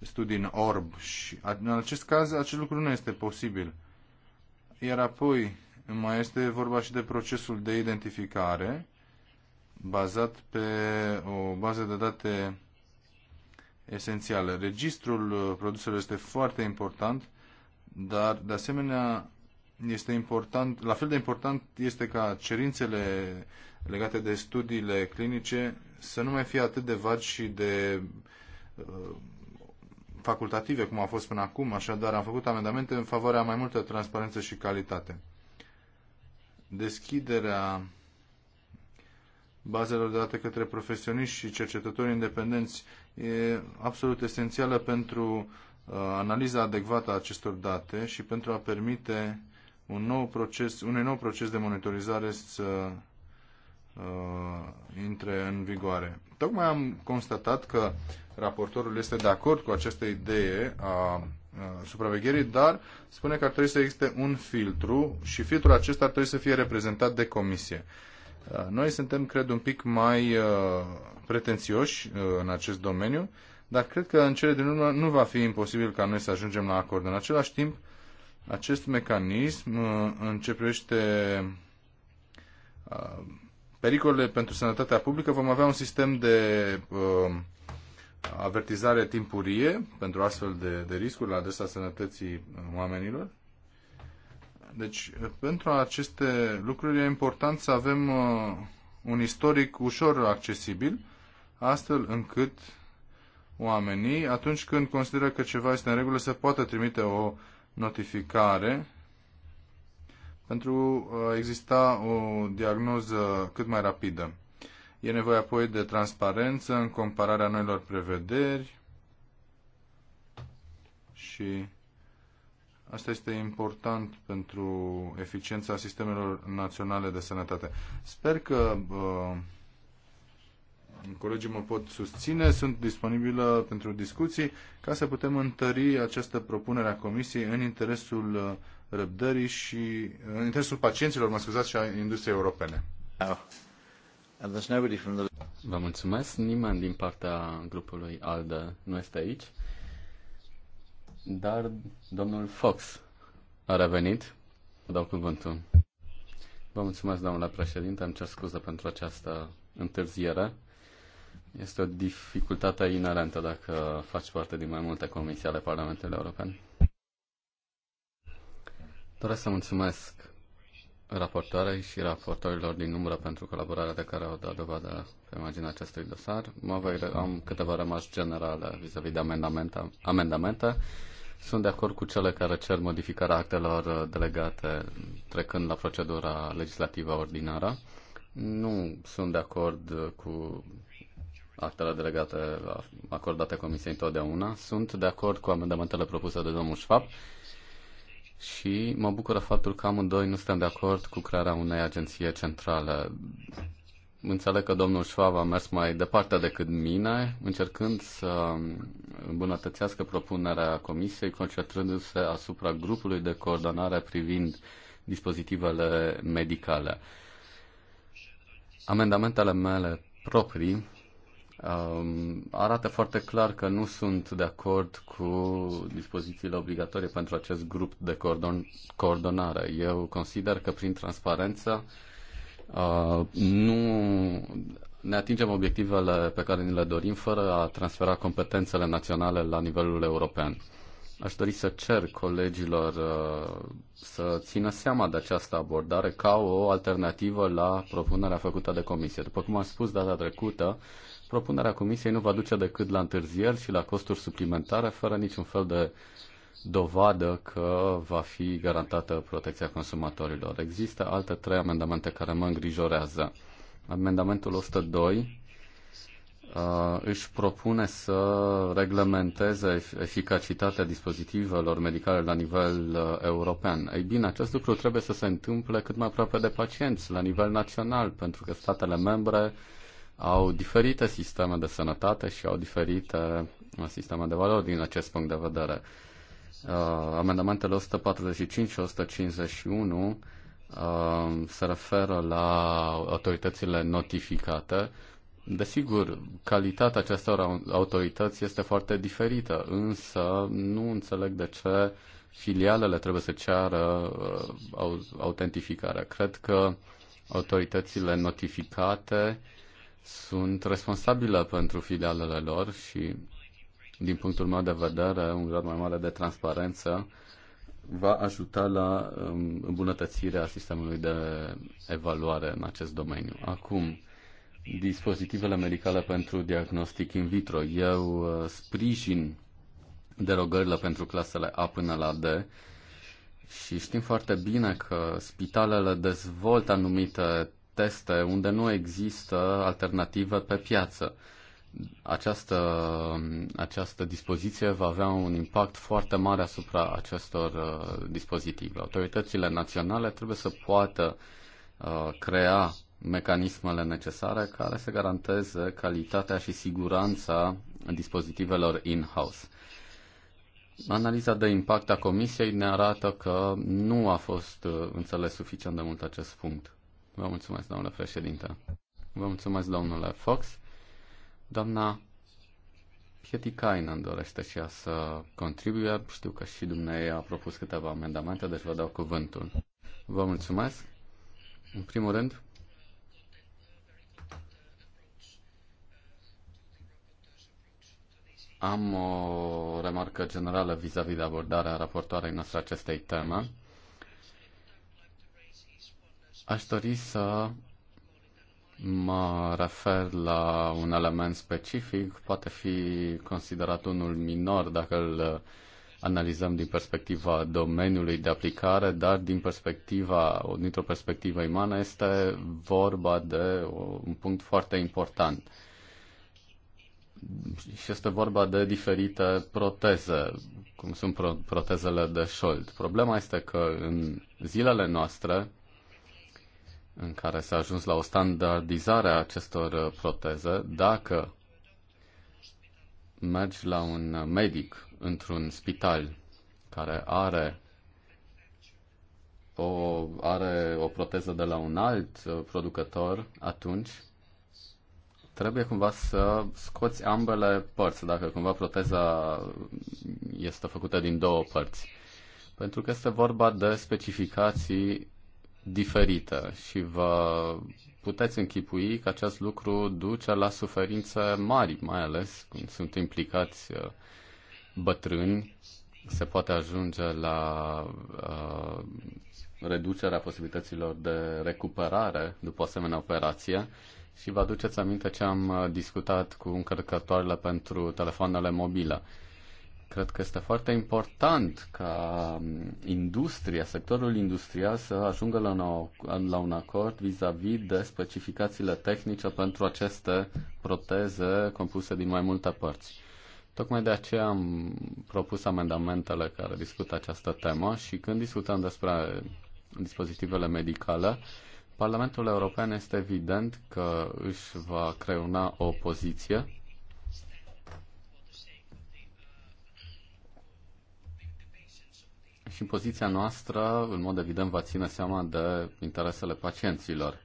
studii în orb și în acest caz acest lucru nu este posibil. Iar apoi mai este vorba și de procesul de identificare bazat pe o bază de date esențială. Registrul uh, produselor este foarte important, dar de asemenea este important, la fel de important este ca cerințele legate de studiile clinice să nu mai fie atât de vagi și de uh, facultative, cum a fost până acum, așadar am făcut amendamente în favoarea mai multă transparență și calitate. Deschiderea bazelor de date către profesioniști și cercetători independenți e absolut esențială pentru uh, analiza adecvată a acestor date și pentru a permite un nou proces, unui nou proces de monitorizare să uh, intre în vigoare. Tocmai am constatat că raportorul este de acord cu această idee a supravegherii, dar spune că ar trebui să existe un filtru și filtrul acesta ar trebui să fie reprezentat de comisie. Uh, noi suntem, cred, un pic mai uh, pretențioși uh, în acest domeniu, dar cred că în cele din urmă nu va fi imposibil ca noi să ajungem la acord. În același timp, acest mecanism uh, în ce privește uh, pericolele pentru sănătatea publică, vom avea un sistem de uh, avertizare timpurie pentru astfel de, de riscuri la adresa sănătății oamenilor. Deci, pentru aceste lucruri e important să avem uh, un istoric ușor accesibil, astfel încât oamenii, atunci când consideră că ceva este în regulă, să poată trimite o notificare pentru a uh, exista o diagnoză cât mai rapidă. E nevoie apoi de transparență în compararea noilor prevederi și asta este important pentru eficiența sistemelor naționale de sănătate. Sper că uh, colegii mă pot susține, sunt disponibilă pentru discuții ca să putem întări această propunere a Comisiei în interesul uh, răbdării și uh, în interesul pacienților, mă scuzați, și a industriei europene.
Vă mulțumesc. Nimeni din partea grupului ALDE nu este aici, dar domnul Fox a revenit. Dau cuvântul. Vă mulțumesc, domnule președinte. Îmi cer scuze pentru această întârziere. Este o dificultate inerentă dacă faci parte din mai multe comisii ale Parlamentului European. Doresc să mulțumesc raportoarei și raportorilor din umbră pentru colaborarea de care au dat dovadă pe imaginea acestui dosar. Mă voi, am câteva rămași generale vis-a-vis -vis de amendamente, amendamente. Sunt de acord cu cele care cer modificarea actelor delegate trecând la procedura legislativă ordinară. Nu sunt de acord cu actele delegate acordate Comisiei întotdeauna. Sunt de acord cu amendamentele propuse de domnul Schwab și mă bucură faptul că amândoi nu suntem de acord cu crearea unei agenții centrale. Înțeleg că domnul Schwab a mers mai departe decât mine, încercând să îmbunătățească propunerea Comisiei, concentrându-se asupra grupului de coordonare privind dispozitivele medicale. Amendamentele mele proprii Um, arată foarte clar că nu sunt de acord cu dispozițiile obligatorii pentru acest grup de coordon- coordonare. Eu consider că prin transparență uh, nu ne atingem obiectivele pe care ni le dorim fără a transfera competențele naționale la nivelul european. Aș dori să cer colegilor uh, să țină seama de această abordare ca o alternativă la propunerea făcută de comisie. După cum am spus data trecută, uh, propunerea Comisiei nu va duce decât la întârzieri și la costuri suplimentare, fără niciun fel de dovadă că va fi garantată protecția consumatorilor. Există alte trei amendamente care mă îngrijorează. Amendamentul 102 uh, își propune să reglementeze eficacitatea dispozitivelor medicale la nivel uh, european. Ei bine, acest lucru trebuie să se întâmple cât mai aproape de pacienți, la nivel național, pentru că statele membre uh, au diferite sisteme de sănătate și au diferite uh, sisteme de valori din acest punct de vedere. Uh, amendamentele 145 și 151 uh, se referă la autoritățile notificate. Desigur, calitatea acestor autorități este foarte diferită, însă nu înțeleg de ce filialele trebuie să ceară uh, autentificarea. Cred că autoritățile notificate uh, sunt responsabile pentru filialele lor și, din punctul meu de vedere, un grad mai mare de transparență va ajuta la um, îmbunătățirea sistemului de evaluare în acest domeniu. Acum, dispozitivele medicale pentru diagnostic in vitro. Eu uh, sprijin derogările pentru clasele A până la D și știm foarte bine că spitalele dezvoltă anumite teste unde nu există alternativă pe piață. Această, această dispoziție va avea un impact foarte mare asupra acestor uh, dispozitive. Autoritățile naționale trebuie să poată uh, crea mecanismele necesare care să garanteze calitatea și siguranța dispozitivelor in-house. Analiza de impact a Comisiei ne arată că nu a fost uh, înțeles suficient de mult acest punct. Vă mulțumesc, domnule președinte. Vă mulțumesc, domnule Fox. Doamna Pietikainen dorește și ea să contribuie. Știu că și dumneavoastră a propus câteva amendamente, deci vă dau cuvântul. Vă mulțumesc. În primul rând, am o remarcă generală vis-a-vis -vis de abordarea raportoarei noastre acestei teme. Aș dori să mă refer la un element specific, poate fi considerat unul minor dacă îl uh, analizăm din perspectiva domeniului de aplicare, dar din perspectiva, dintr-o perspectivă imană este vorba de un punct foarte important. Și este vorba de diferite proteze, cum sunt protezele de șold. Problema este că în zilele noastre în care s-a ajuns la o standardizare a acestor uh, proteze, dacă mergi la un medic într-un spital care are o, are o proteză de la un alt uh, producător, atunci trebuie cumva să scoți ambele părți, dacă cumva proteza este făcută din două părți. Pentru că este vorba de specificații diferită și vă puteți închipui că acest lucru duce la suferințe mari, mai ales când sunt implicați uh, bătrâni, se poate ajunge la uh, reducerea posibilităților de recuperare după asemenea operație și vă aduceți aminte ce am uh, discutat cu încărcătoarele pentru telefoanele mobile. Uh, Cred că este foarte important ca industria, sectorul industrial să ajungă la un, la un acord vis-a-vis -vis de specificațiile tehnice pentru aceste proteze compuse din mai multe părți. Tocmai de aceea am propus amendamentele care discută această temă și când discutăm despre dispozitivele medicale, Parlamentul European este evident că își va creuna o poziție și poziția noastră, în mod evident, va ține seama de interesele pacienților.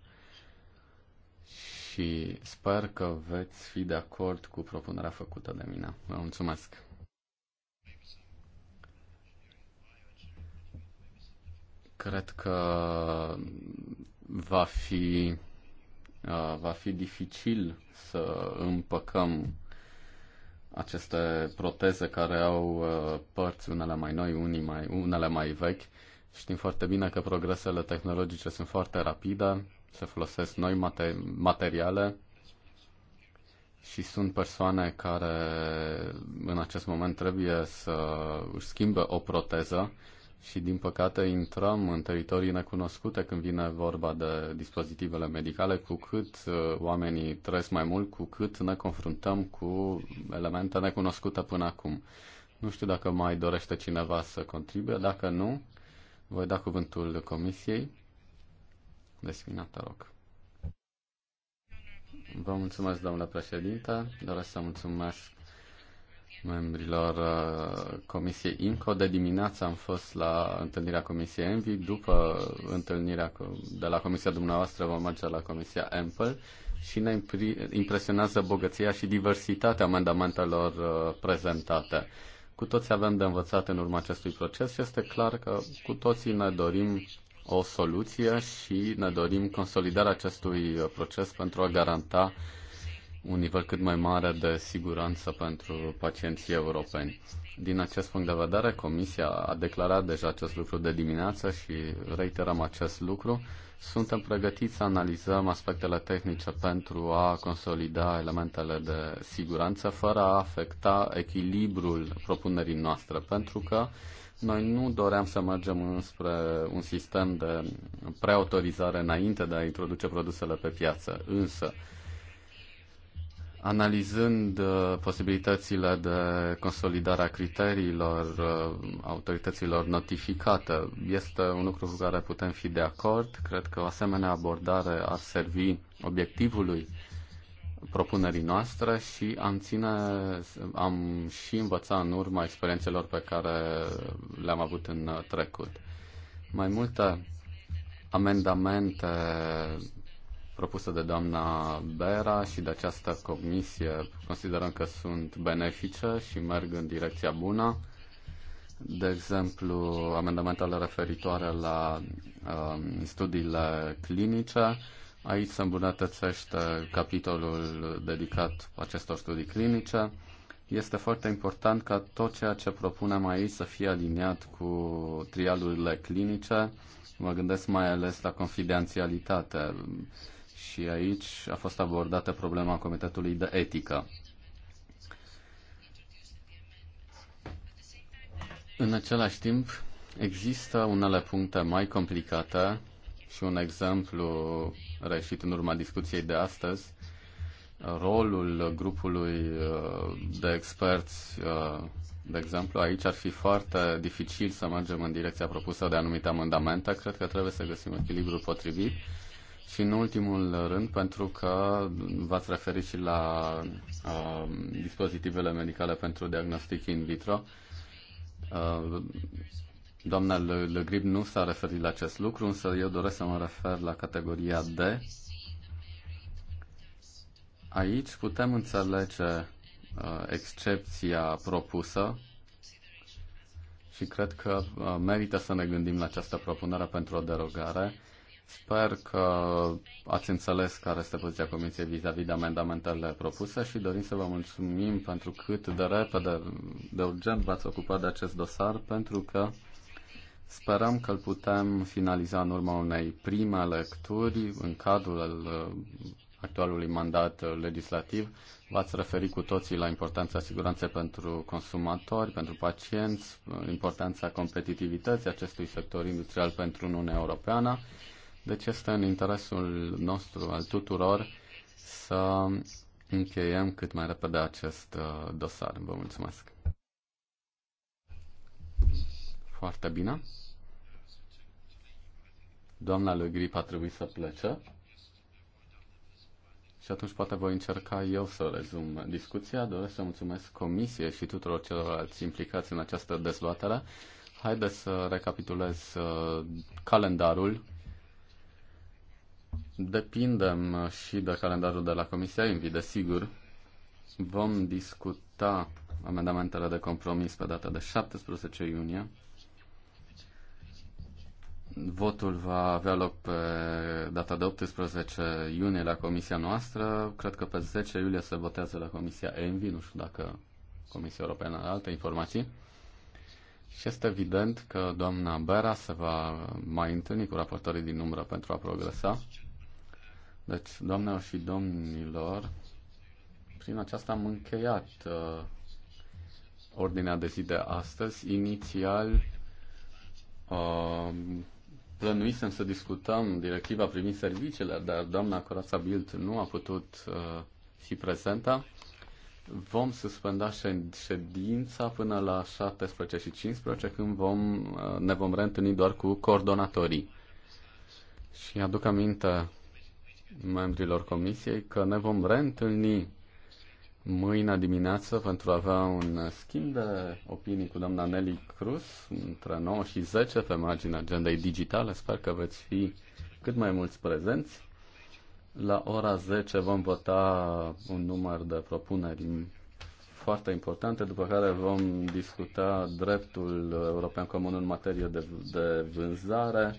Și sper că veți fi de acord cu propunerea făcută de mine. Vă mulțumesc! Cred că va fi, uh, va fi dificil să împăcăm aceste proteze care au uh, părți, unele mai noi, unii mai, unele mai vechi. Știm foarte bine că progresele tehnologice sunt foarte rapide, se folosesc noi mate- materiale și sunt persoane care în acest moment trebuie să își schimbe o proteză și, din păcate, intrăm în teritorii necunoscute când vine vorba de dispozitivele medicale, cu cât uh, oamenii trăiesc mai mult, cu cât ne confruntăm cu elemente necunoscute până acum. Nu știu dacă mai dorește cineva să contribuie, dacă nu, voi da cuvântul Comisiei. Desfina, te rog. Vă mulțumesc, domnule președinte. Doresc să mulțumesc membrilor uh, Comisiei INCO. De dimineață am fost la întâlnirea Comisiei ENVI, după întâlnirea de la Comisia dumneavoastră vom merge la Comisia EMPL și ne impresionează bogăția și diversitatea amendamentelor uh, prezentate. Cu toți avem de învățat în urma acestui proces și este clar că cu toții ne dorim o soluție și ne dorim consolidarea acestui uh, proces pentru a garanta uh, un nivel cât mai mare de siguranță pentru pacienții europeni. Din acest punct de vedere, Comisia a declarat deja acest lucru de dimineață și reiterăm acest lucru. Suntem pregătiți să analizăm aspectele tehnice pentru a consolida elementele de siguranță fără a afecta echilibrul propunerii noastre, pentru că noi nu doream să mergem înspre un sistem de preautorizare înainte de a introduce produsele pe piață, însă Analizând uh, posibilitățile de consolidare a criteriilor uh, autorităților notificate, este un lucru cu care putem fi de acord. Cred că o asemenea abordare ar servi obiectivului propunerii noastre și am ține, am și învățat în urma experiențelor pe care le-am avut în trecut. Mai multe amendamente propusă de doamna Bera și de această comisie considerăm că sunt benefice și merg în direcția bună. De exemplu, amendamentele referitoare la um, studiile clinice. Aici se îmbunătățește capitolul dedicat acestor studii clinice. Este foarte important ca tot ceea ce propunem aici să fie aliniat cu trialurile clinice. Mă gândesc mai ales la confidențialitate și aici a fost abordată problema Comitetului de Etică. În același timp, există unele puncte mai complicate și un exemplu reșit în urma discuției de astăzi, rolul grupului uh, de experți, uh, de exemplu, aici ar fi foarte dificil să mergem în direcția propusă de anumite amendamente. Cred că trebuie să găsim echilibrul potrivit și în ultimul rând, pentru că v-ați referit și la uh, dispozitivele medicale pentru diagnostic in vitro, uh, doamna Le, Le Grip nu s-a referit la acest lucru, însă eu doresc să mă refer la categoria D. Aici putem înțelege uh, excepția propusă și cred că uh, merită să ne gândim la această propunere pentru o derogare Sper că ați înțeles care este poziția Comisiei vis-a-vis de amendamentele propuse și dorim să vă mulțumim pentru cât de repede, de urgent v-ați ocupat de acest dosar, pentru că sperăm că îl putem finaliza în urma unei prime lecturi în cadrul uh, actualului mandat legislativ. V-ați referit cu toții la importanța siguranței pentru consumatori, pentru pacienți, importanța competitivității acestui sector industrial pentru Uniunea Europeană deci este în interesul nostru, al tuturor, să încheiem cât mai repede acest uh, dosar. Vă mulțumesc. Foarte bine. Doamna lui Grip a trebuit să plece. Și atunci poate voi încerca eu să rezum discuția. Doresc să mulțumesc comisiei și tuturor celorlalți implicați în această dezbatere. Haideți să recapitulez uh, calendarul Depindem și de calendarul de la Comisia INVI, desigur. Vom discuta amendamentele de compromis pe data de 17 iunie. Votul va avea loc pe data de 18 iunie la comisia noastră. Cred că pe 10 iulie se votează la comisia ENVI, nu știu dacă Comisia Europeană are alte informații. Și este evident că doamna Bera se va mai întâlni cu raportorii din umbră pentru a progresa. Deci, doamnelor și domnilor, prin aceasta am încheiat uh, ordinea de zi de astăzi. Inițial, uh, plănuisem să discutăm directiva privind serviciile, dar doamna Corața Bilt nu a putut uh, fi prezentă. Vom suspenda ședința până la 17 și 15, când vom, uh, ne vom reîntâlni doar cu coordonatorii. Și aduc aminte membrilor comisiei că ne vom reîntâlni mâine dimineață pentru a avea un schimb de opinii cu doamna Nelly Cruz între 9 și 10 pe marginea agendei digitale. Sper că veți fi cât mai mulți prezenți la ora 10 vom vota un număr de propuneri foarte importante, după care vom discuta dreptul european comun în materie de, de vânzare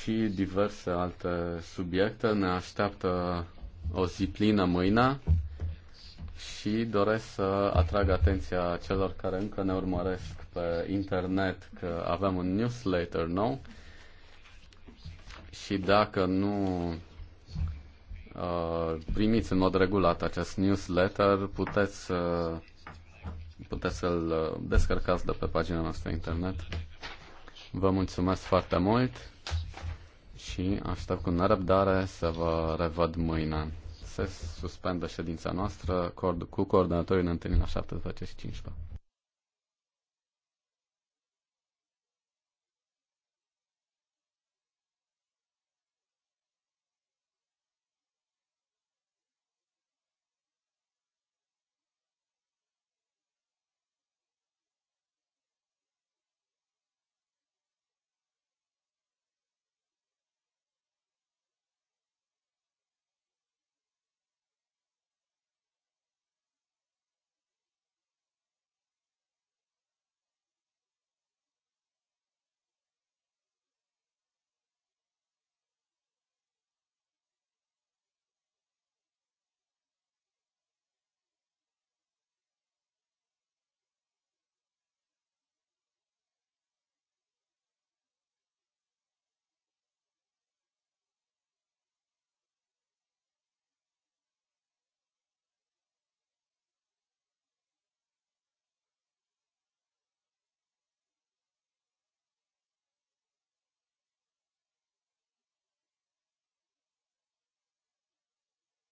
și diverse alte subiecte. Ne așteaptă o zi plină mâine și doresc să atrag atenția celor care încă ne urmăresc pe internet că avem un newsletter nou și dacă nu uh, primiți în mod regulat acest newsletter, puteți, uh, puteți să-l uh, descărcați de pe pagina noastră internet. Vă mulțumesc foarte mult și aștept cu nerăbdare să vă revăd mâine. Se suspendă ședința noastră cu coordonatorii în întâlnirea 17 și 15.